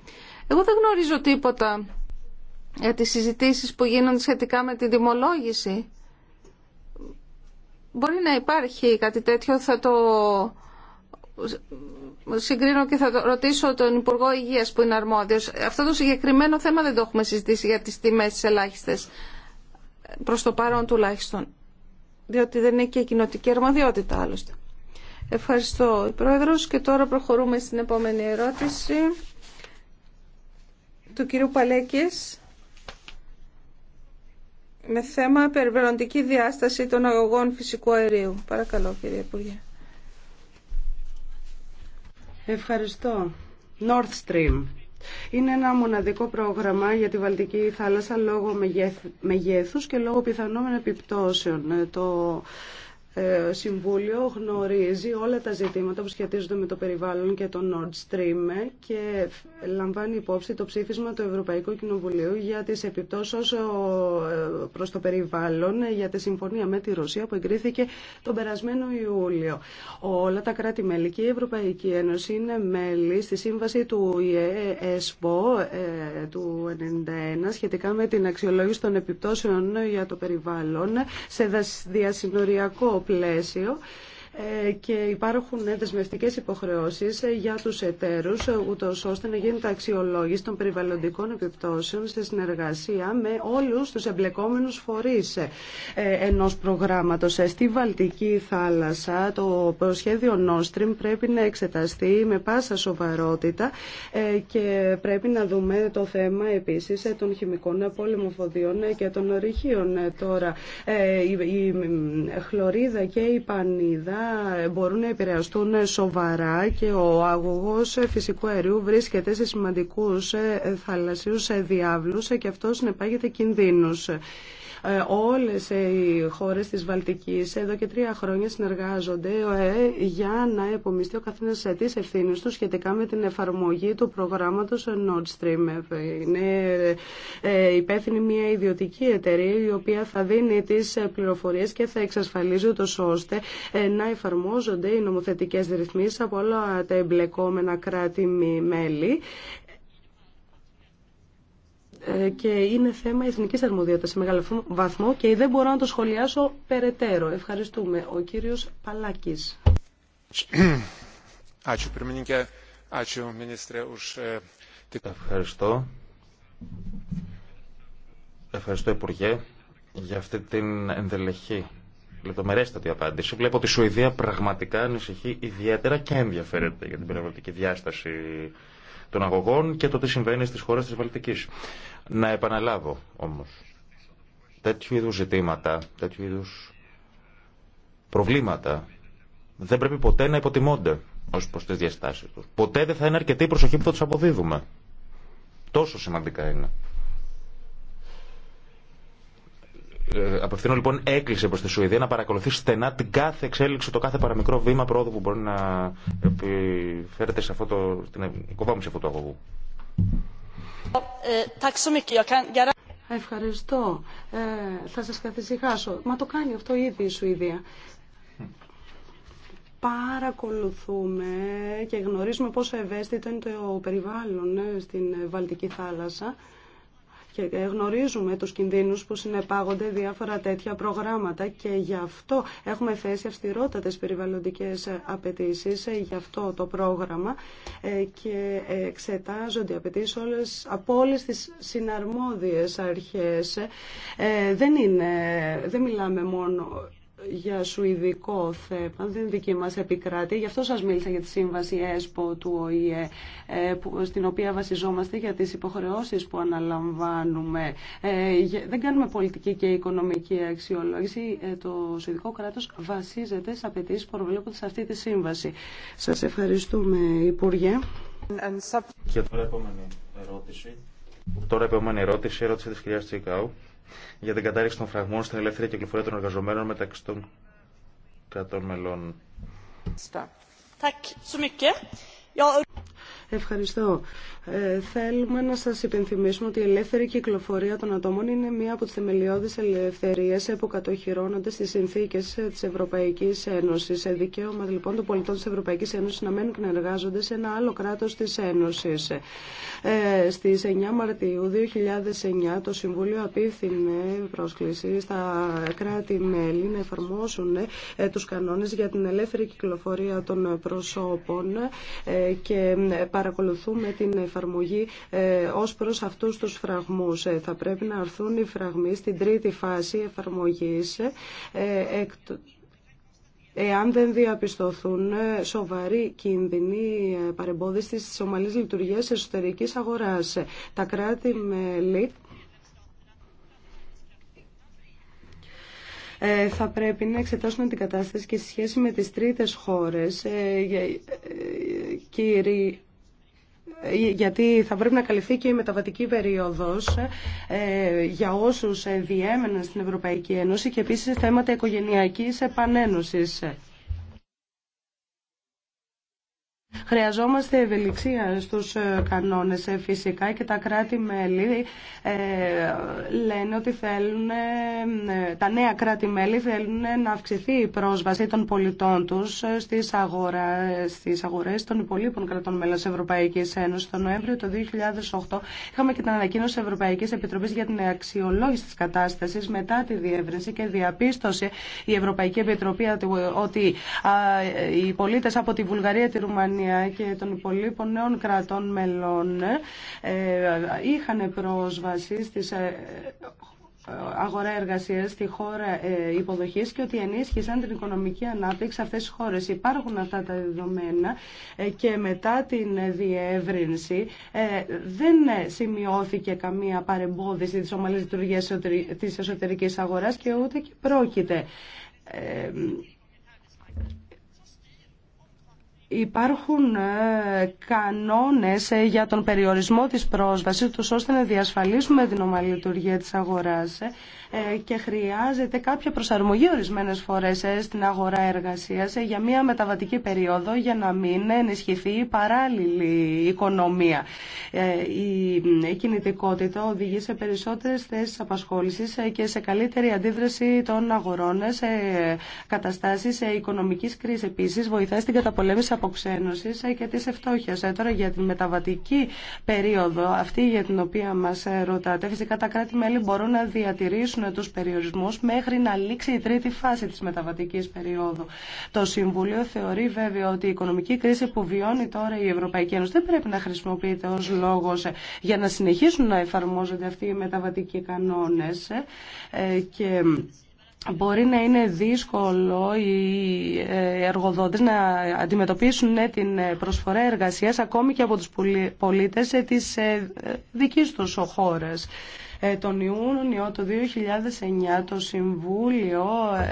Εγώ δεν γνωρίζω τίποτα για τις συζητήσεις που γίνονται σχετικά με την τιμολόγηση Μπορεί να υπάρχει κάτι τέτοιο, θα το συγκρίνω και θα το ρωτήσω τον Υπουργό Υγείας που είναι αρμόδιος. Αυτό το συγκεκριμένο θέμα δεν το έχουμε συζητήσει για τις τιμές της ελάχιστες, προς το παρόν τουλάχιστον, διότι δεν είναι και κοινοτική αρμοδιότητα άλλωστε. Ευχαριστώ η Πρόεδρος και τώρα προχωρούμε στην επόμενη ερώτηση του κυρίου Παλέκης με θέμα περιβαλλοντική διάσταση των αγωγών φυσικού αερίου. Παρακαλώ κύριε Υπουργέ. Ευχαριστώ. North Stream. Είναι ένα μοναδικό πρόγραμμα για τη Βαλτική θάλασσα λόγω μεγέθους και λόγω πιθανόμενων επιπτώσεων. Ε, το ε, Συμβούλιο γνωρίζει όλα τα ζητήματα που σχετίζονται με το περιβάλλον και το Nord Stream και λαμβάνει υπόψη το ψήφισμα του Ευρωπαϊκού Κοινοβουλίου για τις επιπτώσεις ε, προς το περιβάλλον για τη συμφωνία με τη Ρωσία που εγκρίθηκε τον περασμένο Ιούλιο. Όλα τα κράτη-μέλη και η Ευρωπαϊκή Ένωση είναι μέλη στη σύμβαση του ΕΣΠΟ ε, του 1991 σχετικά με την αξιολόγηση των επιπτώσεων για το περιβάλλον σε διασυνοριακό πλαίσιο ε, και υπάρχουν ε, δεσμευτικές υποχρεώσεις ε, για τους εταίρους ούτως ώστε να γίνεται αξιολόγηση των περιβαλλοντικών επιπτώσεων σε συνεργασία με όλους τους εμπλεκόμενους φορείς ενός προγράμματος. Στη Βαλτική θάλασσα το προσχέδιο Nord πρέπει να εξεταστεί με πάσα σοβαρότητα και πρέπει να δούμε το θέμα επίσης των χημικών ε, και των ορυχείων τώρα. Η χλωρίδα και η πανίδα μπορούν να επηρεαστούν σοβαρά και ο αγωγός φυσικού αερίου βρίσκεται σε σημαντικούς θαλασσίους διάβλους και αυτό συνεπάγεται κινδύνους. Ε, όλες ε, οι χώρες της Βαλτικής εδώ και τρία χρόνια συνεργάζονται ε, για να επομιστεί ο καθένας τις ευθύνες του σχετικά με την εφαρμογή του προγράμματος Nord Stream. Είναι υπεύθυνη μια ιδιωτική εταιρεία η οποία θα δίνει τις πληροφορίες και θα εξασφαλίζει το ώστε να εφαρμόζονται οι νομοθετικές ρυθμίσεις από όλα τα εμπλεκόμενα κράτη-μέλη ε, και είναι θέμα εθνική αρμοδιότητα σε μεγάλο βαθμό και δεν μπορώ να το σχολιάσω περαιτέρω. Ευχαριστούμε. Ο κύριο Παλάκη. E, Ευχαριστώ. Ευχαριστώ, Υπουργέ, για αυτή την ενδελεχή λεπτομερέστατη απάντηση. Βλέπω ότι η Σουηδία πραγματικά ανησυχεί ιδιαίτερα και ενδιαφέρεται για την πνευματική διάσταση των αγωγών και το τι συμβαίνει στις χώρες της Βαλτικής. Να επαναλάβω όμως, τέτοιου είδους ζητήματα, τέτοιου είδους προβλήματα δεν πρέπει ποτέ να υποτιμώνται ως προς τις διαστάσεις τους. Ποτέ δεν θα είναι αρκετή η προσοχή που θα τους αποδίδουμε. Τόσο σημαντικά είναι. Ε, απευθύνω λοιπόν έκλεισε προς τη Σουηδία να παρακολουθεί στενά την κάθε εξέλιξη, το κάθε παραμικρό βήμα πρόοδου που μπορεί να επιφέρεται σε αυτό το, στην οικοδόμηση αυτού του αγωγού. Ευχαριστώ. Ε, θα σας καθησυχάσω. Μα το κάνει αυτό ήδη η Σουηδία παρακολουθούμε και γνωρίζουμε πόσο ευαίσθητο είναι το περιβάλλον ε, στην Βαλτική θάλασσα και γνωρίζουμε τους κινδύνους που συνεπάγονται διάφορα τέτοια προγράμματα και γι' αυτό έχουμε θέσει αυστηρότατες περιβαλλοντικές απαιτήσει γι' αυτό το πρόγραμμα ε, και εξετάζονται οι απαιτήσει από όλες τις συναρμόδιες αρχές. Ε, δεν, είναι, δεν μιλάμε μόνο για σουηδικό θέμα, δεν είναι δική μας επικράτη. Γι' αυτό σας μίλησα για τη σύμβαση ΕΣΠΟ του ΟΗΕ, ε, στην οποία βασιζόμαστε για τις υποχρεώσεις που αναλαμβάνουμε. Ε, δεν κάνουμε πολιτική και οικονομική αξιολόγηση. Ε, το σουηδικό κράτος βασίζεται σε απαιτήσει που προβλέπονται σε αυτή τη σύμβαση. Σας ευχαριστούμε, Υπουργέ. Και τώρα επόμενη ερώτηση. Τώρα επόμενη ερώτηση, ερώτηση της κυρίας Τσίκαου για την κατάρριξη των φραγμών στην ελεύθερη κυκλοφορία των εργαζομένων μεταξύ των κρατών μελών. Ευχαριστώ. Ε, θέλουμε να σας υπενθυμίσουμε ότι η ελεύθερη κυκλοφορία των ατόμων είναι μία από τις θεμελιώδεις ελευθερίες που κατοχυρώνονται στις συνθήκες της Ευρωπαϊκής Ένωσης. Ε, δικαίωμα λοιπόν των πολιτών της Ευρωπαϊκής Ένωσης να μένουν και να εργάζονται σε ένα άλλο κράτος της Ένωσης. Ε, στις 9 Μαρτίου 2009 το Συμβούλιο απίθυνε πρόσκληση στα κράτη-μέλη να εφαρμόσουν ε, τους κανόνες για την ελεύθερη κυκλοφορία των προσώπων ε, και ε, παρακολουθούμε την εφαρμογή ε, ως προς αυτούς τους φραγμούς. Ε, θα πρέπει να έρθουν οι φραγμοί στην τρίτη φάση εφαρμογής ε, εάν δεν διαπιστωθούν σοβαροί κίνδυνοι παρεμπόδιση της ομαλής λειτουργίας εσωτερικής αγοράς. Τα κράτη-μέλη θα πρέπει να εξετάσουν την κατάσταση και στη σχέση με τις τρίτες χώρες, γιατί θα πρέπει να καλυφθεί και η μεταβατική περίοδος ε, για όσους διέμεναν στην Ευρωπαϊκή Ένωση και επίσης θέματα οικογενειακής επανένωσης. Χρειαζόμαστε ευελιξία στους ε, κανόνες ε, φυσικά και τα κράτη-μέλη ε, λένε ότι θέλουν, τα νέα κράτη-μέλη θέλουν να αυξηθεί η πρόσβαση των πολιτών τους στις, αγορά, στις αγορές των υπολείπων κρατών μέλων της Ευρωπαϊκής Ένωσης. Το Νοέμβριο του 2008 είχαμε και την ανακοίνωση Ευρωπαϊκής Επιτροπής για την αξιολόγηση της κατάστασης μετά τη διεύρυνση και διαπίστωσε η Ευρωπαϊκή Επιτροπή ότι οι πολίτες από τη Βουλγαρία, τη Ρουμανία, και των υπολείπων νέων κρατών μελών ε, είχαν πρόσβαση στις ε, αγορά εργασία στη χώρα ε, υποδοχή και ότι ενίσχυσαν την οικονομική ανάπτυξη σε αυτέ τι χώρε. Υπάρχουν αυτά τα δεδομένα και μετά την διεύρυνση δεν σημειώθηκε καμία παρεμπόδιση τη ομαλή λειτουργία τη εσωτερική αγορά και ούτε και πρόκειται. Υπάρχουν ε, κανόνες ε, για τον περιορισμό της πρόσβασης τους ώστε να διασφαλίσουμε την ομαλή λειτουργία της αγοράς ε, και χρειάζεται κάποια προσαρμογή ορισμένες φορές στην αγορά εργασίας για μια μεταβατική περίοδο για να μην ενισχυθεί η παράλληλη οικονομία. Η κινητικότητα οδηγεί σε περισσότερες θέσεις απασχόλησης και σε καλύτερη αντίδραση των αγορών σε καταστάσεις οικονομικής κρίσης. Επίσης βοηθάει στην καταπολέμηση αποξένωσης και της ευτόχειας. Ε, τώρα για την μεταβατική περίοδο, αυτή για την οποία μας ε, ρωτάτε, φυσικά τα κράτη-μέλη μπορούν να διατηρήσουν τους περιορισμούς μέχρι να λήξει η τρίτη φάση της μεταβατικής περίοδου. Το Συμβούλιο θεωρεί βέβαια ότι η οικονομική κρίση που βιώνει τώρα η Ευρωπαϊκή Ένωση δεν πρέπει να χρησιμοποιείται ως λόγος ε, για να συνεχίσουν να εφαρμόζονται αυτοί οι μεταβατικοί κανόνες και Μπορεί να είναι δύσκολο οι ε, εργοδότες να αντιμετωπίσουν ναι, την ε, προσφορά εργασίας ακόμη και από τους πολίτες ε, της δικής τους χώρας. Ε, τον Ιούνιο του 2009 το Συμβούλιο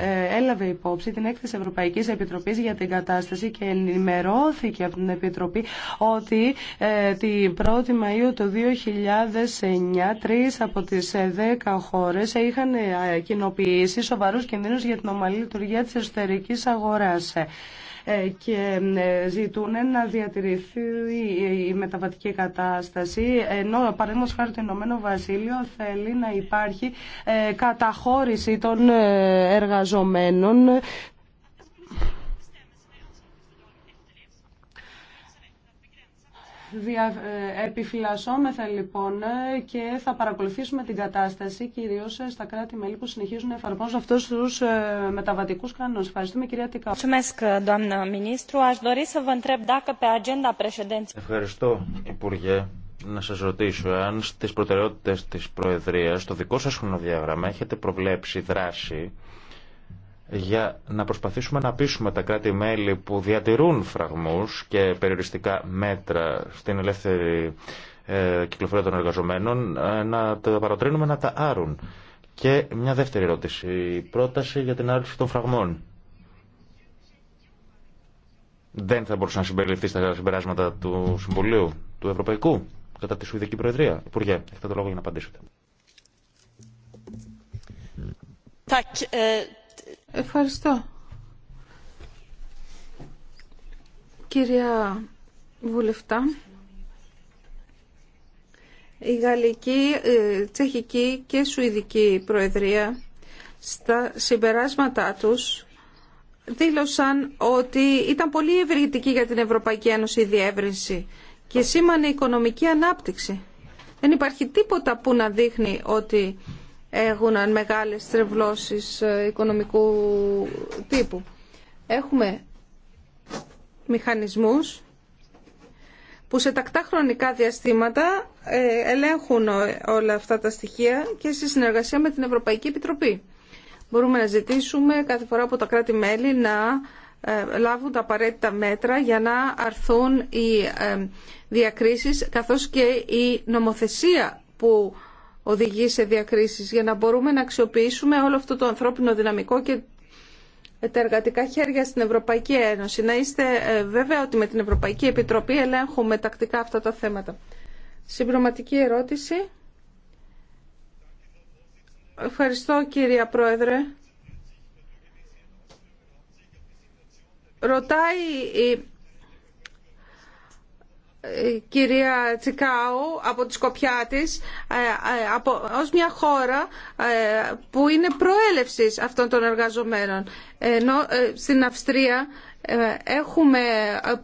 ε, έλαβε υπόψη την έκθεση Ευρωπαϊκής Επιτροπής για την κατάσταση και ενημερώθηκε από την Επιτροπή ότι ε, την 1η Μαΐου του 2009 τρεις από τις 10 χώρες είχαν κοινοποιήσει σοβαρούς κινδύνους για την ομαλή λειτουργία της εσωτερικής αγοράς. Ε, και ε, ζητούν να διατηρηθεί η μεταβατική κατάσταση ενώ παραδείγματος χάρη το Ηνωμένο Βασίλειο θέλει να υπάρχει ε, καταχώρηση των εργαζομένων Ε, επιφυλασσόμεθα λοιπόν ε, και θα παρακολουθήσουμε την κατάσταση κυρίως ε, στα κράτη-μέλη που συνεχίζουν να εφαρμόζουν αυτούς τους μεταβατικούς κανόνες. Ευχαριστούμε κυρία Τικά. Ευχαριστώ Υπουργέ. Να σας ρωτήσω αν στις προτεραιότητες της Προεδρίας, στο δικό σας χρονοδιάγραμμα, έχετε προβλέψει δράση για να προσπαθήσουμε να πείσουμε τα κράτη-μέλη που διατηρούν φραγμούς και περιοριστικά μέτρα στην ελεύθερη ε, κυκλοφορία των εργαζομένων ε, να τα παροτρύνουμε να τα άρουν. Και μια δεύτερη ερώτηση. Η πρόταση για την άρξη των φραγμών. Δεν θα μπορούσε να συμπεριληφθεί στα συμπεράσματα του Συμβουλίου, του Ευρωπαϊκού, κατά τη Σουηδική Προεδρία. Υπουργέ, έχετε το λόγο για να απαντήσετε. Ε, Ευχαριστώ. Κυρία Βουλευτά, η Γαλλική, ε, Τσεχική και Σουηδική Προεδρία στα συμπεράσματά τους δήλωσαν ότι ήταν πολύ ευρυγητική για την Ευρωπαϊκή Ένωση η διεύρυνση και σήμανε οικονομική ανάπτυξη. Δεν υπάρχει τίποτα που να δείχνει ότι έχουν μεγάλες τρευλώσεις ε, οικονομικού τύπου. Έχουμε μηχανισμούς που σε τακτά χρονικά διαστήματα ε, ελέγχουν όλα αυτά τα στοιχεία και σε συνεργασία με την Ευρωπαϊκή Επιτροπή. Μπορούμε να ζητήσουμε κάθε φορά από τα κράτη-μέλη να ε, λάβουν τα απαραίτητα μέτρα για να αρθούν οι διακρίσεις καθώς και η νομοθεσία που οδηγεί σε διακρίσεις για να μπορούμε να αξιοποιήσουμε όλο αυτό το ανθρώπινο δυναμικό και τα εργατικά χέρια στην Ευρωπαϊκή Ένωση. Να είστε ε, βέβαια ότι με την Ευρωπαϊκή Επιτροπή ελέγχουμε τακτικά αυτά τα θέματα. Συμπληρωματική ερώτηση. Ευχαριστώ κυρία Πρόεδρε. Ρωτάει η ε, κυρία Τσικάου από τη Σκοπιά της ε, ε, από, ως μια χώρα που είναι προέλευσης αυτών των εργαζομένων. Ενώ στην Αυστρία έχουμε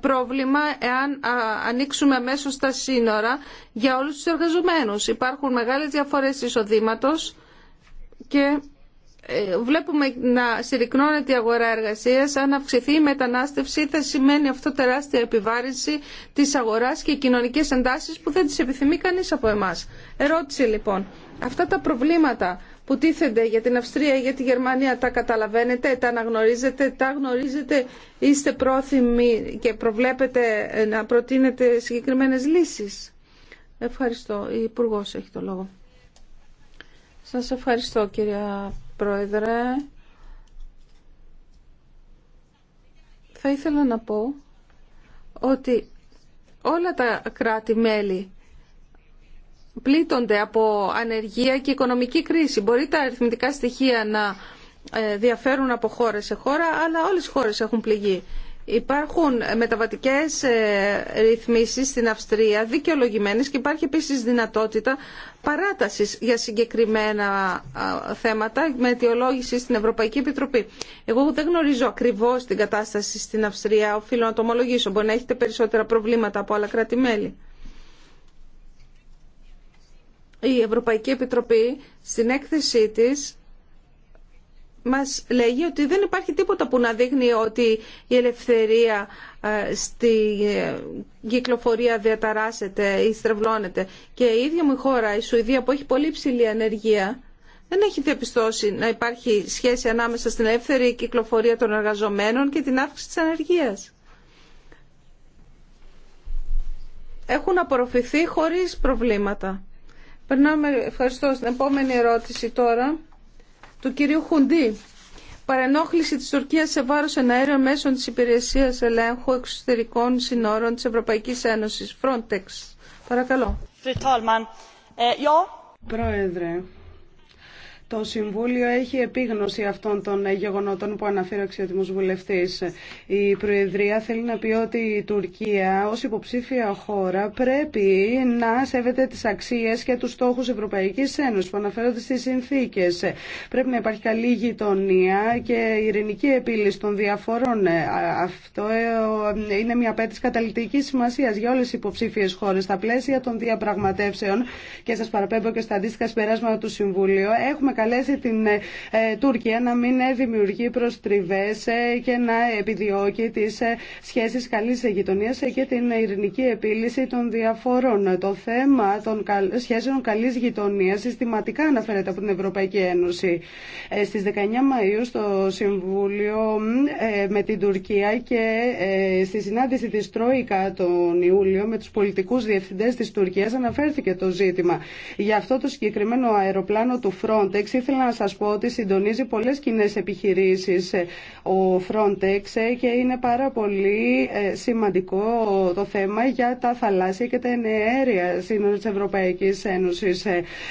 πρόβλημα εάν ανοίξουμε μέσω τα σύνορα για όλους τους εργαζομένους. Υπάρχουν μεγάλες διαφορές εισοδήματος και ε, βλέπουμε να συρρυκνώνεται η αγορά εργασία. Αν αυξηθεί η μετανάστευση θα σημαίνει αυτό τεράστια επιβάρυνση τη αγορά και κοινωνικέ εντάσει που δεν τι επιθυμεί κανεί από εμά. Ερώτηση λοιπόν. Αυτά τα προβλήματα που τίθενται για την Αυστρία ή για τη Γερμανία τα καταλαβαίνετε, τα αναγνωρίζετε, τα γνωρίζετε, είστε πρόθυμοι και προβλέπετε ε, να προτείνετε συγκεκριμένες λύσεις. Ευχαριστώ. Η Υπουργός έχει το λόγο. Σας ευχαριστώ κυρία Πρόεδρε. Θα ήθελα να πω ότι όλα τα κράτη-μέλη πλήττονται από ανεργία και οικονομική κρίση. Μπορεί τα αριθμητικά στοιχεία να ε, διαφέρουν από χώρα σε χώρα, αλλά όλες οι χώρες έχουν πληγεί. Υπάρχουν μεταβατικές ε, ρυθμίσεις στην Αυστρία δικαιολογημένες και υπάρχει επίσης δυνατότητα παράτασης για συγκεκριμένα θέματα με αιτιολόγηση στην Ευρωπαϊκή Επιτροπή. Εγώ δεν γνωρίζω ακριβώς την κατάσταση στην Αυστρία, οφείλω να το ομολογήσω. Μπορεί να έχετε περισσότερα προβλήματα από άλλα κράτη-μέλη. Η Ευρωπαϊκή Επιτροπή στην έκθεσή της μας λέγει ότι δεν υπάρχει τίποτα που να δείχνει ότι η ελευθερία ε, στη ε, κυκλοφορία διαταράσσεται ή στρεβλώνεται. Και η ίδια μου χώρα, η Σουηδία, που έχει πολύ ψηλή ανεργία, δεν έχει διαπιστώσει να υπάρχει σχέση ανάμεσα στην ελεύθερη κυκλοφορία των εργαζομένων και την αύξηση της ανεργίας. Έχουν απορροφηθεί χωρίς προβλήματα. Περνάμε, ευχαριστώ, στην επόμενη ερώτηση τώρα του κυρίου Χουντή. Παρενόχληση της Τουρκίας σε βάρος εναέριων μέσων της Υπηρεσίας Ελέγχου Εξωτερικών Συνόρων της Ευρωπαϊκής Ένωσης, Frontex. Παρακαλώ. Eh, Πρόεδρε, το Συμβούλιο έχει επίγνωση αυτών των γεγονότων που αναφέρει ο αξιότιμος βουλευτής. Η Προεδρία θέλει να πει ότι η Τουρκία ως υποψήφια χώρα πρέπει να σέβεται τις αξίες και τους στόχους Ευρωπαϊκής Ένωσης που αναφέρονται στις συνθήκες. Πρέπει να υπάρχει καλή γειτονία και ειρηνική επίλυση των διαφορών. Αυτό ε, ε, είναι μια απέτηση καταλητική σημασία για όλες τις υποψήφιες χώρες στα πλαίσια των διαπραγματεύσεων και σας παραπέμπω και στα αντίστοιχα συμπεράσματα του Συμβουλίου. Έχουμε παρακαλέσει την ε, ε, Τουρκία να μην ε, δημιουργεί προστριβές και να επιδιώκει τις σχέσεις καλής γειτονίας και την ειρηνική επίλυση των διαφορών. Το θέμα των σχέσεων καλής γειτονίας συστηματικά αναφέρεται από την Ευρωπαϊκή Ένωση. Στις 19 Μαΐου στο Συμβούλιο με την Τουρκία και στη συνάντηση της Τρόικα τον Ιούλιο με τους πολιτικούς διευθυντές της Τουρκίας αναφέρθηκε το ζήτημα. Γι' αυτό το συγκεκριμένο αεροπλάνο του Frontex Ήθελα να σας πω ότι συντονίζει πολλές κοινέ επιχειρήσεις ε, ο Frontex ε, και είναι πάρα πολύ ε, σημαντικό το θέμα για τα θαλάσσια και τα ενέργεια σύνορα της Ευρωπαϊκής Ένωσης.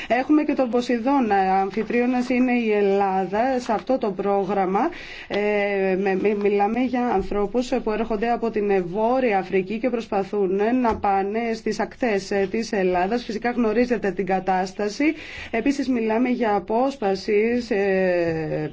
Έχουμε και τον Ποσειδώνα. Αμφιτρίωνας είναι η Ελλάδα σε αυτό το πρόγραμμα. Μιλάμε για ανθρώπους που έρχονται από την Βόρεια Αφρική και προσπαθούν να πάνε στις ακτές της Ελλάδας. Φυσικά γνωρίζετε την κατάσταση. Επίσης μιλάμε για πώς απόσπασης ε,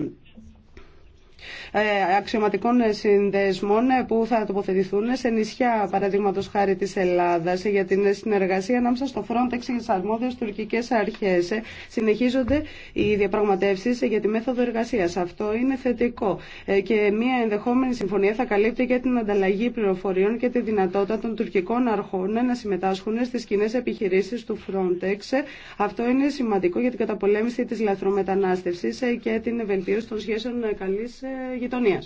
ε, αξιωματικών συνδέσμων που θα τοποθετηθούν σε νησιά, παραδείγματο χάρη τη Ελλάδα, για την συνεργασία ανάμεσα στο Frontex και τι αρμόδιε τουρκικέ αρχέ. Συνεχίζονται οι διαπραγματεύσει για τη μέθοδο εργασία. Αυτό είναι θετικό. Ε, και μια ενδεχόμενη συμφωνία θα καλύπτει και την ανταλλαγή πληροφοριών και τη δυνατότητα των τουρκικών αρχών να συμμετάσχουν στι κοινέ επιχειρήσει του Frontex. Αυτό είναι σημαντικό για την καταπολέμηση τη λαθρομετανάστευση ε, και την βελτίωση των σχέσεων καλή γειτονία.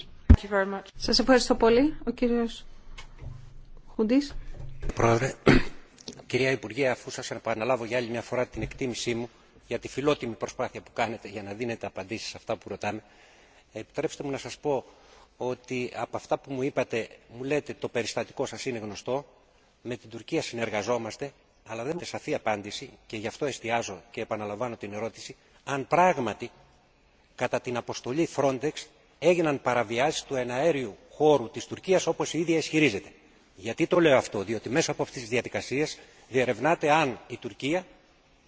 Σα ευχαριστώ πολύ. Ο κύριο Χουντή. Πρόεδρε, κυρία Υπουργέ, αφού σα επαναλάβω για άλλη μια φορά την εκτίμησή μου για τη φιλότιμη προσπάθεια που κάνετε για να δίνετε απαντήσει σε αυτά που ρωτάμε, επιτρέψτε μου να σα πω ότι από αυτά που μου είπατε, μου λέτε το περιστατικό σα είναι γνωστό, με την Τουρκία συνεργαζόμαστε, αλλά δεν είναι σαφή απάντηση και γι' αυτό εστιάζω και επαναλαμβάνω την ερώτηση αν πράγματι κατά την αποστολή Frontex έγιναν παραβιάσεις του εναέριου χώρου της τουρκίας όπως η ίδια ισχυρίζεται. γιατί το λέω αυτό; διότι μέσω από αυτές τις διαδικασίες διερευνάται αν η τουρκία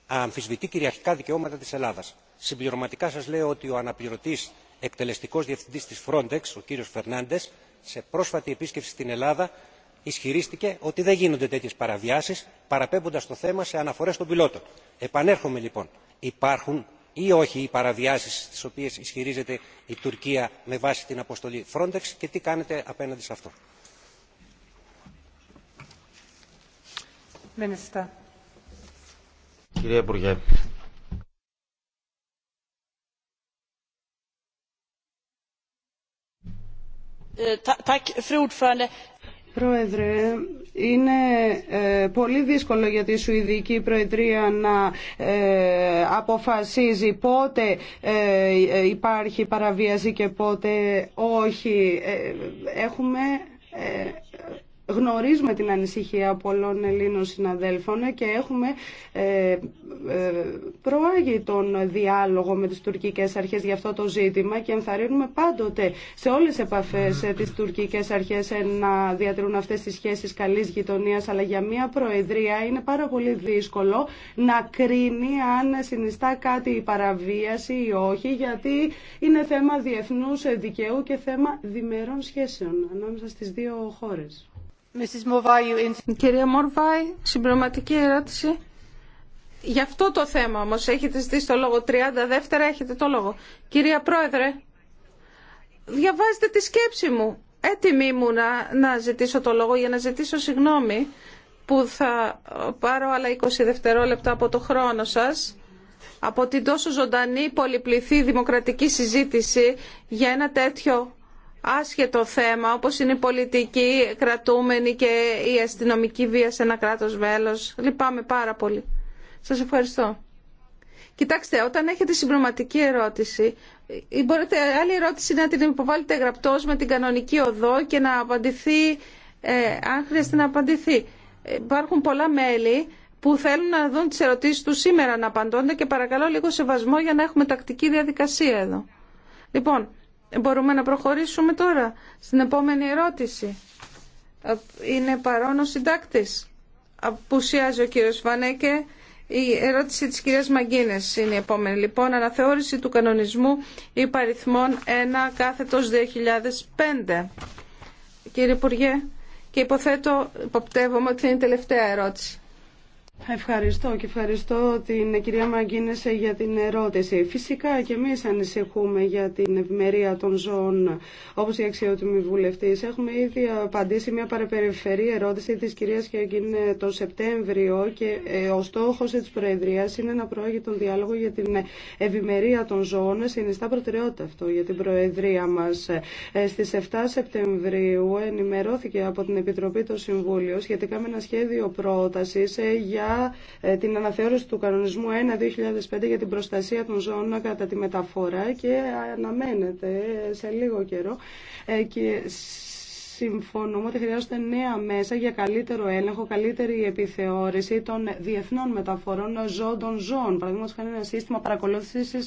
αμφισβητεί κυριαρχικά δικαιώματα της ελλάδας. συμπληρωματικά σας λέω ότι ο αναπληρωτής εκτελεστικός διευθυντής της frontex ο κύριος φερνάντες σε πρόσφατη επίσκεψη στην ελλάδα ισχυρίστηκε ότι δεν γίνονται τέτοιες παραβιάσεις παραπέμποντας το θέμα σε αναφορές των πιλότων. επανέρχομαι λοιπόν υπάρχουν ή όχι οι παραβιάσεις τις οποίες ισχυρίζεται η τουρκία με βάση την αποστολή frontex και τι κάνετε απέναντι σε αυτό. Πρόεδρε, είναι ε, πολύ δύσκολο για τη Σουηδική Προεδρία να ε, αποφασίζει πότε ε, υπάρχει παραβίαση και πότε όχι. Έχουμε γνωρίζουμε την ανησυχία πολλών Ελλήνων συναδέλφων και έχουμε ε, ε, προάγει τον διάλογο με τις τουρκικές αρχές για αυτό το ζήτημα και ενθαρρύνουμε πάντοτε σε όλες τις επαφές ε, τις τουρκικές αρχές να διατηρούν αυτές τις σχέσεις καλής γειτονίας αλλά για μια προεδρία είναι πάρα πολύ δύσκολο να κρίνει αν συνιστά κάτι η παραβίαση ή όχι γιατί είναι θέμα διεθνούς δικαίου και θέμα διμερών σχέσεων ανάμεσα στις δύο χώρες. Κυρία Μόρβάη, συμπληρωματική ερώτηση. Γι' αυτό το θέμα όμω έχετε ζητήσει το λόγο. 30 δεύτερα έχετε το λόγο. Κυρία Πρόεδρε, διαβάζετε τη σκέψη μου. Έτοιμη μου να, να ζητήσω το λόγο για να ζητήσω συγγνώμη που θα πάρω άλλα 20 δευτερόλεπτα από το χρόνο σας από την τόσο ζωντανή πολυπληθή δημοκρατική συζήτηση για ένα τέτοιο άσχετο θέμα όπως είναι η πολιτική κρατούμενη και η αστυνομική βία σε ένα κράτος βέλος. Λυπάμαι πάρα πολύ. Σας ευχαριστώ. Κοιτάξτε, όταν έχετε συμπληρωματική ερώτηση, μπορείτε άλλη ερώτηση να την υποβάλλετε γραπτός με την κανονική οδό και να απαντηθεί, ε, αν χρειαστεί να απαντηθεί. Υπάρχουν πολλά μέλη που θέλουν να δουν τις ερωτήσεις του σήμερα να απαντώνται και παρακαλώ λίγο σεβασμό για να έχουμε τακτική διαδικασία εδώ. Λοιπόν, Μπορούμε να προχωρήσουμε τώρα στην επόμενη ερώτηση. Είναι παρόν ο συντάκτης. Απουσιάζει ο κύριος Βανέκε. Η ερώτηση της κυρίας Μαγκίνες είναι η επόμενη. Λοιπόν, αναθεώρηση του κανονισμού υπαριθμών 1 κάθετος 2005. Κύριε Υπουργέ, και υποθέτω, υποπτεύομαι ότι είναι η τελευταία ερώτηση. Ευχαριστώ και ευχαριστώ την κυρία Μαγκίνεσε για την ερώτηση. Φυσικά και εμείς ανησυχούμε για την ευημερία των ζώων όπως η αξιότιμη βουλευτή. Έχουμε ήδη απαντήσει μια παραπεριφερή ερώτηση της κυρίας εκείνη το Σεπτέμβριο και ε, ο στόχος της Προεδρίας είναι να προάγει τον διάλογο για την ευημερία των ζώων. Συνιστά προτεραιότητα αυτό για την Προεδρία μας. Ε, στις 7 Σεπτεμβρίου ενημερώθηκε από την Επιτροπή το Συμβούλιο σχετικά με ένα σχέδιο πρότασης ε, ε, την αναθεώρηση του κανονισμού 1-2005 για την προστασία των ζώων κατά τη μεταφορά και αναμένεται σε λίγο καιρό ε, και συμφωνούμε ότι χρειάζονται νέα μέσα για καλύτερο έλεγχο, καλύτερη επιθεώρηση των διεθνών μεταφορών ζώων των ζώων. Παραδείγματο χάρη ένα σύστημα παρακολούθηση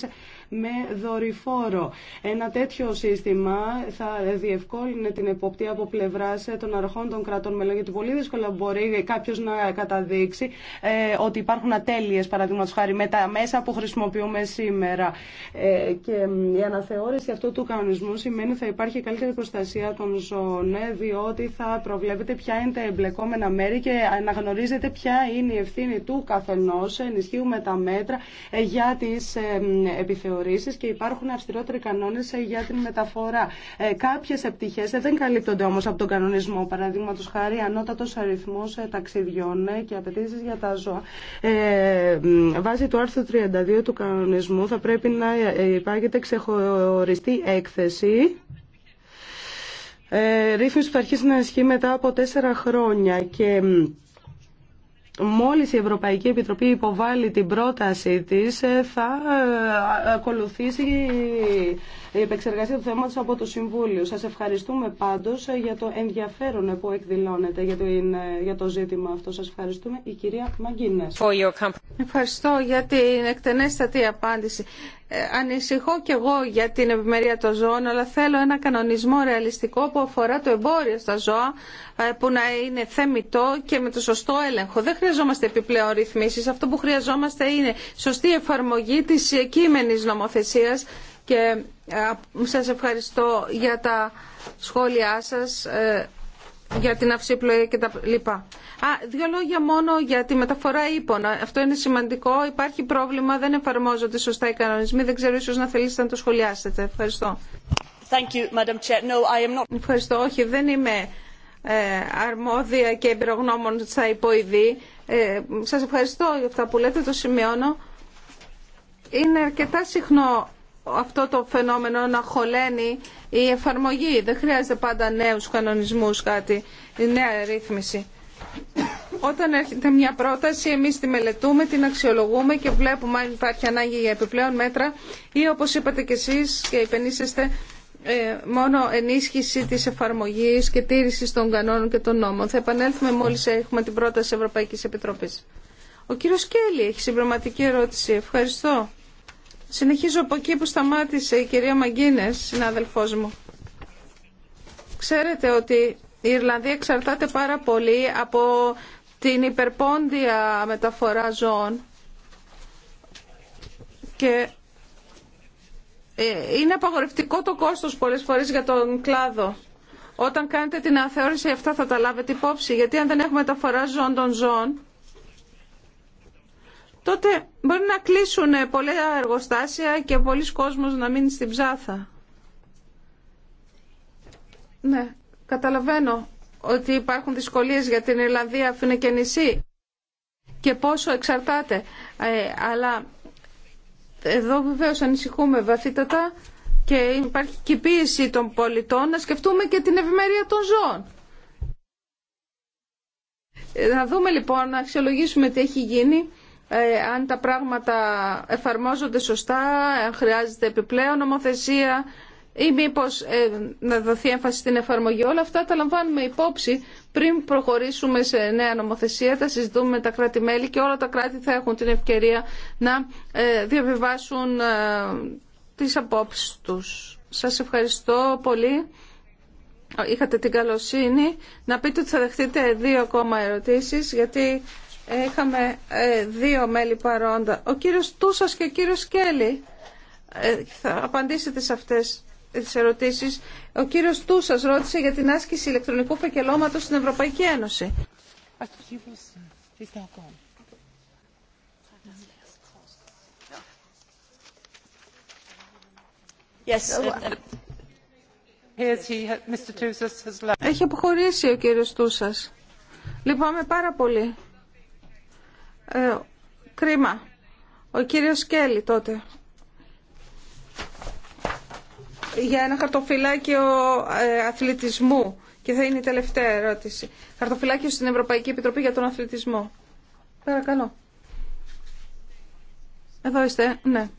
με δορυφόρο. Ένα τέτοιο σύστημα θα διευκόλυνε την εποπτεία από πλευρά των αρχών των κρατών μελών, γιατί πολύ δύσκολα μπορεί κάποιο να καταδείξει ε, ότι υπάρχουν ατέλειε, παραδείγματο χάρη, με τα μέσα που χρησιμοποιούμε σήμερα. Ε, και η αναθεώρηση αυτού του κανονισμού σημαίνει ότι θα υπάρχει καλύτερη προστασία των ζώων ε, διότι θα προβλέπετε ποια είναι τα εμπλεκόμενα μέρη και αναγνωρίζετε ποια είναι η ευθύνη του καθενός. Ενισχύουμε τα μέτρα ε, για τις ε, επιθεωρήσεις και υπάρχουν αυστηρότεροι κανόνες ε, για την μεταφορά. Κάποιες επιτυχίες δεν καλύπτονται όμως από τον κανονισμό. Παραδείγματο χάρη ανώτατος αριθμός ταξιδιών και απαιτήσει για τα ζώα. Βάσει του άρθρου 32 του κανονισμού θα πρέπει να υπάρχει ξεχωριστή έκθεση ε, ρύθμιση που θα αρχίσει να ισχύει μετά από τέσσερα χρόνια και μόλις η Ευρωπαϊκή Επιτροπή υποβάλει την πρότασή της ε, θα ε, ακολουθήσει η επεξεργασία του θέματος από το Συμβούλιο. Σας ευχαριστούμε πάντως ε, για το ενδιαφέρον που εκδηλώνεται για το, ζήτημα αυτό. Σας ευχαριστούμε η κυρία Μαγκίνες. Ευχαριστώ για την εκτενέστατη απάντηση. ανησυχώ κι εγώ για την ευημερία των ζώων, αλλά θέλω ένα κανονισμό ρεαλιστικό που αφορά το εμπόριο στα ζώα, ε, που να είναι θέμητο και με το σωστό έλεγχο. Δεν χρειαζόμαστε επιπλέον ρυθμίσει. Αυτό που χρειαζόμαστε είναι σωστή εφαρμογή τη κείμενη νομοθεσία. και ε, σας ευχαριστώ για τα σχόλιά σα, ε, για την αυσίπλοη και τα λοιπά. Α, δύο λόγια μόνο για τη μεταφορά ύπων. Αυτό είναι σημαντικό. Υπάρχει πρόβλημα, δεν εφαρμόζονται σωστά οι κανονισμοί. Δεν ξέρω ίσως να θέλετε να το σχολιάσετε. Ευχαριστώ. Thank you, Madam Chair. I am not... Ευχαριστώ. Όχι, δεν είμαι ε, αρμόδια και εμπειρογνώμων στα υποειδή. Ε, σας ευχαριστώ για αυτά που λέτε, το σημειώνω. Είναι αρκετά συχνό αυτό το φαινόμενο να χωλαίνει η εφαρμογή. Δεν χρειάζεται πάντα νέους κανονισμούς κάτι, η νέα ρύθμιση. Όταν έρχεται μια πρόταση, εμείς τη μελετούμε, την αξιολογούμε και βλέπουμε αν υπάρχει ανάγκη για επιπλέον μέτρα ή όπως είπατε και εσείς και υπενήσεστε, ε, μόνο ενίσχυση της εφαρμογής και τήρησης των κανόνων και των νόμων. Θα επανέλθουμε μόλις έχουμε την πρόταση Ευρωπαϊκής Επιτροπής. Ο κύριος Κέλλη έχει συμπληρωματική ερώτηση. Ευχαριστώ. Συνεχίζω από εκεί που σταμάτησε η κυρία Μαγκίνες, συνάδελφός μου. Ξέρετε ότι η Ιρλανδία εξαρτάται πάρα πολύ από την υπερπόντια μεταφορά ζώων και ε, είναι απαγορευτικό το κόστος πολλές φορές για τον κλάδο. Όταν κάνετε την αθεώρηση αυτά θα τα λάβετε υπόψη, γιατί αν δεν έχουμε μεταφορά ζώων των ζώων, τότε μπορεί να κλείσουν πολλά εργοστάσια και πολλοί κόσμος να μείνει στην ψάθα. Ναι, καταλαβαίνω ότι υπάρχουν δυσκολίες για την Ιρλανδία αφού είναι και νησί και πόσο εξαρτάται. Ε, αλλά εδώ βεβαίω ανησυχούμε βαθύτατα και υπάρχει και πίεση των πολιτών να σκεφτούμε και την ευημερία των ζώων. Να δούμε λοιπόν, να αξιολογήσουμε τι έχει γίνει, ε, αν τα πράγματα εφαρμόζονται σωστά, αν χρειάζεται επιπλέον νομοθεσία, ή μήπω ε, να δοθεί έμφαση στην εφαρμογή. Όλα αυτά τα λαμβάνουμε υπόψη πριν προχωρήσουμε σε νέα νομοθεσία. Θα συζητούμε με τα κράτη-μέλη και όλα τα κράτη θα έχουν την ευκαιρία να ε, διαβιβάσουν ε, τις απόψεις τους. Σας ευχαριστώ πολύ. Είχατε την καλοσύνη να πείτε ότι θα δεχτείτε δύο ακόμα ερωτήσεις γιατί είχαμε δύο μέλη παρόντα. Ο κύριος Τούσας και ο κύριος Κέλλη θα απαντήσετε σε αυτές τις ερωτήσεις. Ο κύριος Τούσας ρώτησε για την άσκηση ηλεκτρονικού φακελώματος στην Ευρωπαϊκή Ένωση. Έχει αποχωρήσει ο κύριος Τούσας. Λυπάμαι πάρα πολύ. Ε, κρίμα. Ο κύριος Σκέλη τότε για ένα χαρτοφυλάκιο ε, αθλητισμού. Και θα είναι η τελευταία ερώτηση. Χαρτοφυλάκιο στην Ευρωπαϊκή Επιτροπή για τον Αθλητισμό. Παρακαλώ. Εδώ είστε, ναι.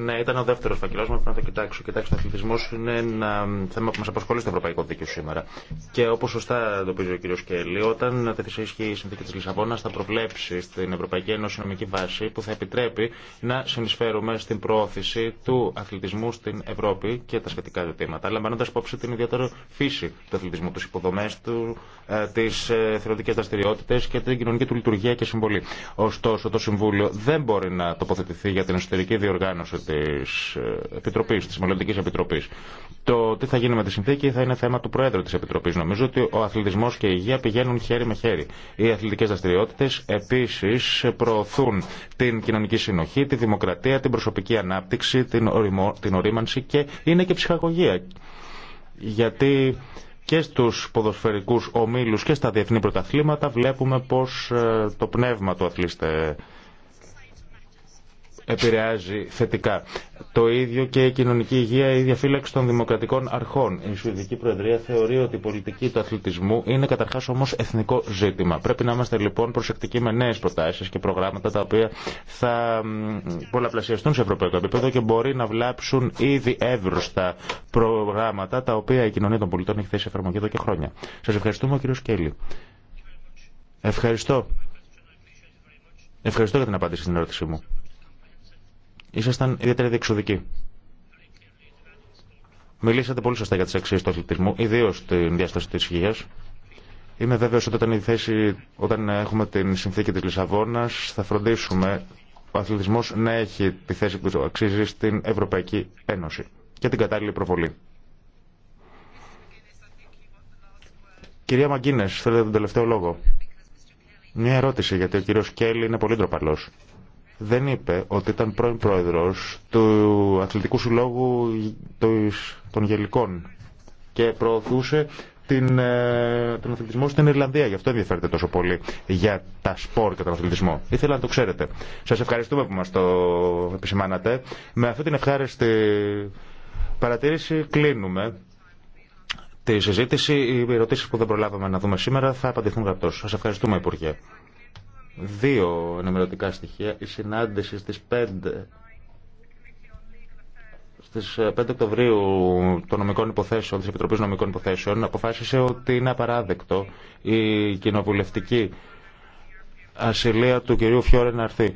Ναι, ήταν ο δεύτερο φακελό μου, πρέπει να το κοιτάξω. Κοιτάξτε, ο αθλητισμό είναι ένα θέμα που μα απασχολεί στο Ευρωπαϊκό Δίκαιο σήμερα. Και όπω σωστά εντοπίζει ο κ. Κέλλη, όταν τεθεί σε ισχύ η συνθήκη τη Λισαβόνα, θα προβλέψει στην Ευρωπαϊκή Ένωση νομική βάση που θα επιτρέπει να συνεισφέρουμε στην προώθηση του αθλητισμού στην Ευρώπη και τα σχετικά ζητήματα, λαμβάνοντα υπόψη την ιδιαίτερη φύση του αθλητισμού, τι υποδομέ του, ε, τι ε, θεωρητικέ δραστηριότητε και την κοινωνική του λειτουργία και συμβολή. Ωστόσο, το Συμβούλιο δεν μπορεί να τοποθετηθεί για την εσωτερική διοργάνωση της ε, Επιτροπής, της Μελλοντικής Επιτροπής. Το τι θα γίνει με τη συνθήκη θα είναι θέμα του Προέδρου της Επιτροπής. Νομίζω ότι ο αθλητισμός και η υγεία πηγαίνουν χέρι με χέρι. Οι αθλητικές δραστηριότητες επίσης προωθούν την κοινωνική συνοχή, τη δημοκρατία, την προσωπική ανάπτυξη, την, την ορίμανση και είναι και ψυχαγωγία. Γιατί και στους ποδοσφαιρικούς ομίλους και στα διεθνή πρωταθλήματα βλέπουμε πως ε, το πνεύμα του αθλήστε επηρεάζει θετικά. Το ίδιο και η κοινωνική υγεία, η διαφύλαξη των δημοκρατικών αρχών. Η Σουηδική Προεδρία θεωρεί ότι η πολιτική του αθλητισμού είναι καταρχά όμω εθνικό ζήτημα. Πρέπει να είμαστε λοιπόν προσεκτικοί με νέε προτάσει και προγράμματα τα οποία θα πολλαπλασιαστούν σε ευρωπαϊκό επίπεδο και μπορεί να βλάψουν ήδη εύρωστα προγράμματα τα οποία η κοινωνία των πολιτών έχει θέσει εφαρμογή εδώ και χρόνια. Σα ευχαριστούμε, κύριο Σκέλη. Ευχαριστώ. Ευχαριστώ για την απάντηση στην ερώτησή μου. Ήσασταν ιδιαίτερα διεξοδικοί. Μιλήσατε πολύ σωστά για τι αξίε του αθλητισμού, ιδίω την διάσταση τη υγεία. Είμαι βέβαιο ότι όταν, θέση, όταν έχουμε την συνθήκη τη Λισαβόνα θα φροντίσουμε ο αθλητισμό να έχει τη θέση που αξίζει στην Ευρωπαϊκή Ένωση και την κατάλληλη προβολή. Κυρία Μαγκίνε, θέλετε τον τελευταίο λόγο. Μια ερώτηση, γιατί ο κύριο Κέλλη είναι πολύ ντροπαλό δεν είπε ότι ήταν πρώην πρόεδρος του Αθλητικού Συλλόγου των Γελικών και προωθούσε την, ε, τον αθλητισμό στην Ιρλανδία. Γι' αυτό ενδιαφέρεται τόσο πολύ για τα σπορ και τον αθλητισμό. Ήθελα να το ξέρετε. Σας ευχαριστούμε που μας το επισημάνατε. Με αυτή την ευχάριστη παρατήρηση κλείνουμε τη συζήτηση. Οι ερωτήσει που δεν προλάβαμε να δούμε σήμερα θα απαντηθούν γραπτώ. Σα ευχαριστούμε, Υπουργέ. Δύο ενημερωτικά στοιχεία. Η συνάντηση στις 5 στις 5 Οκτωβρίου των νομικών υποθέσεων, της Επιτροπής Νομικών Υποθέσεων αποφάσισε ότι είναι απαράδεκτο η κοινοβουλευτική ασυλία του κυρίου Φιόρε να έρθει.